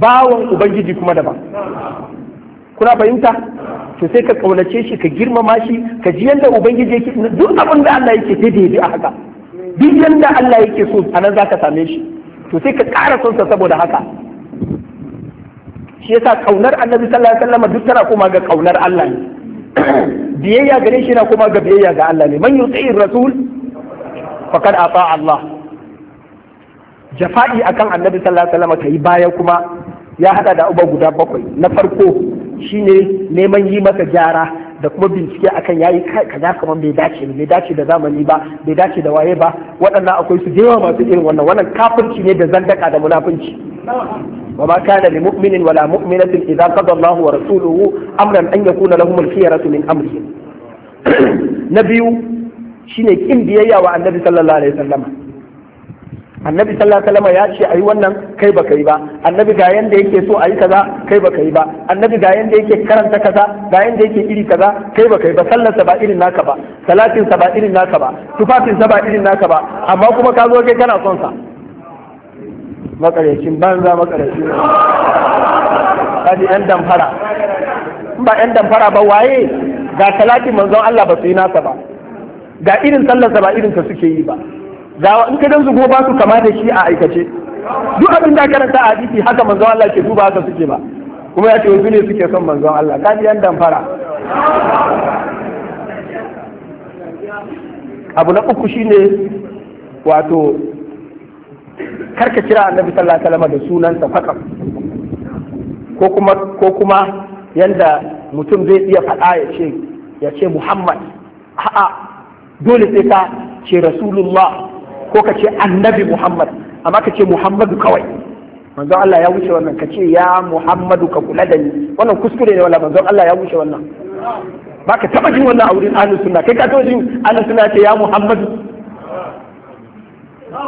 bawan ubangiji kuma daban kuna fahimta to sai ka kaunace shi ka girmama shi ka ji yadda ubangiji yake duk abin da Allah yake daidai a haka duk yadda Allah yake so a nan za ka same shi to sai ka ƙara sonsa saboda haka shi yasa kaunar annabi sallallahu alaihi wasallam duk tana koma ga kaunar Allah ne biyayya gare shi na koma ga biyayya ga Allah ne man yuti'ir rasul faqad ata Allah jafa'i akan annabi sallallahu alaihi wasallam kai baya kuma ya hada da uba guda bakwai na farko shine neman yi masa gyara da kuma bincike akan yayi kaza kamar bai dace bai dace da zamani ba bai dace da waye ba waɗannan akwai su jewa masu irin wannan wannan kafirci ne da zandaka da munafunci wa ma kana lil mu'minin wala mu'minatin idza qada Allahu wa rasuluhu amran an yakuna lahum al-khiyaratu min amrihim na biyu shine kin biyayya wa annabi sallallahu alaihi wasallam annabi sallallahu alaihi wasallam ya ce ayi wannan kai baka yi ba annabi ga yanda yake so ayi kaza kai baka yi ba annabi ga yanda yake karanta kaza ga yanda yake iri kaza kai baka yi ba sallar sa ba irin naka ba salatin sa ba irin naka ba tufafin sa ba irin naka ba amma kuma ka zo kai kana son sa makarecin banza makarecin kaji yan damfara ba yan damfara ba waye ga salatin manzon Allah ba su yi nasa ba ga irin sallar sa ba irin suke yi ba gawa in ka dan ko ba su kama da shi a aikace duk abin da karanta a hadisi haka manzon Allah ke duba haka suke ba kuma ya ce wasu ne suke son manzon Allah ka ji yan damfara abu na uku shine wato karka kira annabi sallallahu alaihi wasallam da sunansa fakam ko kuma ko kuma yanda mutum zai iya faɗa ya ce ya ce Muhammad a'a dole sai ka ce Rasulullah ko ka ce annabi Muhammad amma ka ce Muhammadu kawai manzon Allah ya wuce wannan ka ce ya Muhammadu ka kula da ni wannan kuskure ne wala manzon Allah ya wuce wannan ba ka taba jin wannan a wurin ahlus sunna kai ka taba jin ahlus sunna ce ya Muhammadu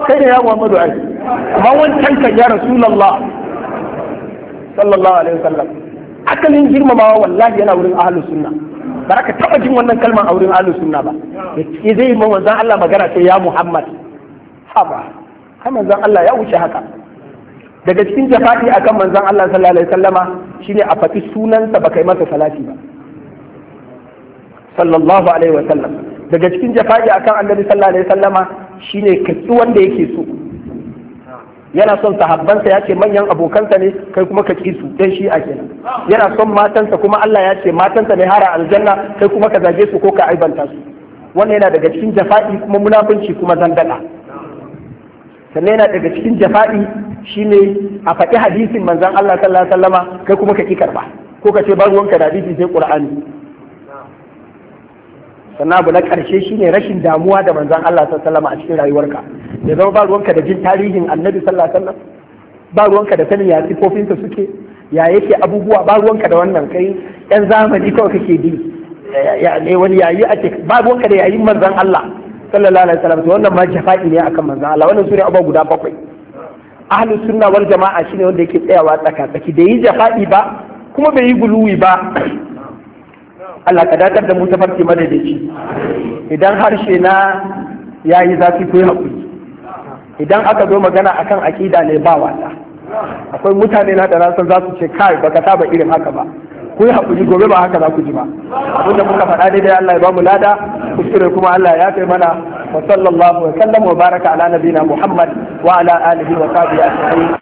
kai ne ya Muhammadu ai amma wancan kan ya Rasulullah sallallahu alaihi wasallam akalin girmamawa wallahi yana wurin ahlus sunna ba ka taba jin wannan kalmar a wurin ahlus sunna ba zai yi manzon Allah magana ce ya Muhammad haba har manzon Allah ya wuce haka daga cikin jafa'i akan manzon Allah sallallahu alaihi wasallama shine a faɗi sunansa ba kai masa salati ba sallallahu alaihi wasallam daga cikin jafa'i akan annabi sallallahu alaihi wasallama shine kaki wanda yake so yana son sahabbansa ya ce manyan abokansa ne kai kuma ka ki su dan shi a kenan yana son matansa kuma Allah ya ce matansa ne hara aljanna kai kuma ka zage su ko ka aibanta su wannan yana daga cikin jafa'i kuma munafunci kuma zandaka sannan yana daga cikin jafa'i shine a faɗi hadisin manzan Allah sallallahu alaihi wasallama kai kuma ka ki karba ko ka ce ba ruwanka da hadisi sai qur'ani sannan abu na ƙarshe shine rashin damuwa da manzan Allah sallallahu alaihi wasallama a cikin rayuwarka ya zama ba ruwanka da jin tarihin annabi sallallahu alaihi wasallam ba ruwanka da sanin ya sifofinsa suke ya yake abubuwa ba ruwanka da wannan kai yan zamani kawai kake bi ya wani yayi ake ba ruwanka da yayin manzan Allah sallallahu alaihi wasallam to wannan ma jafa'i ne akan manzon Allah wannan sune abu guda bakwai ahlus sunna wal jama'a shine wanda yake tsayawa tsaka tsaki da yi jafa'i ba kuma bai yi guluwi ba Allah ka dakar da mu ta farki shi idan harshe na yayi zafi ko hakuri idan aka zo magana akan akida ne ba wata akwai mutane na da san za su ce kai baka saba irin haka ba ku yi haƙuri gobe ba haka za ku ji ba abinda muka faɗa daidai Allah ya ba mu lada kuskure kuma Allah ya kai mana wa sallallahu wa sallam wa baraka ala nabina Muhammad wa ala alihi wa sahbihi ajma'in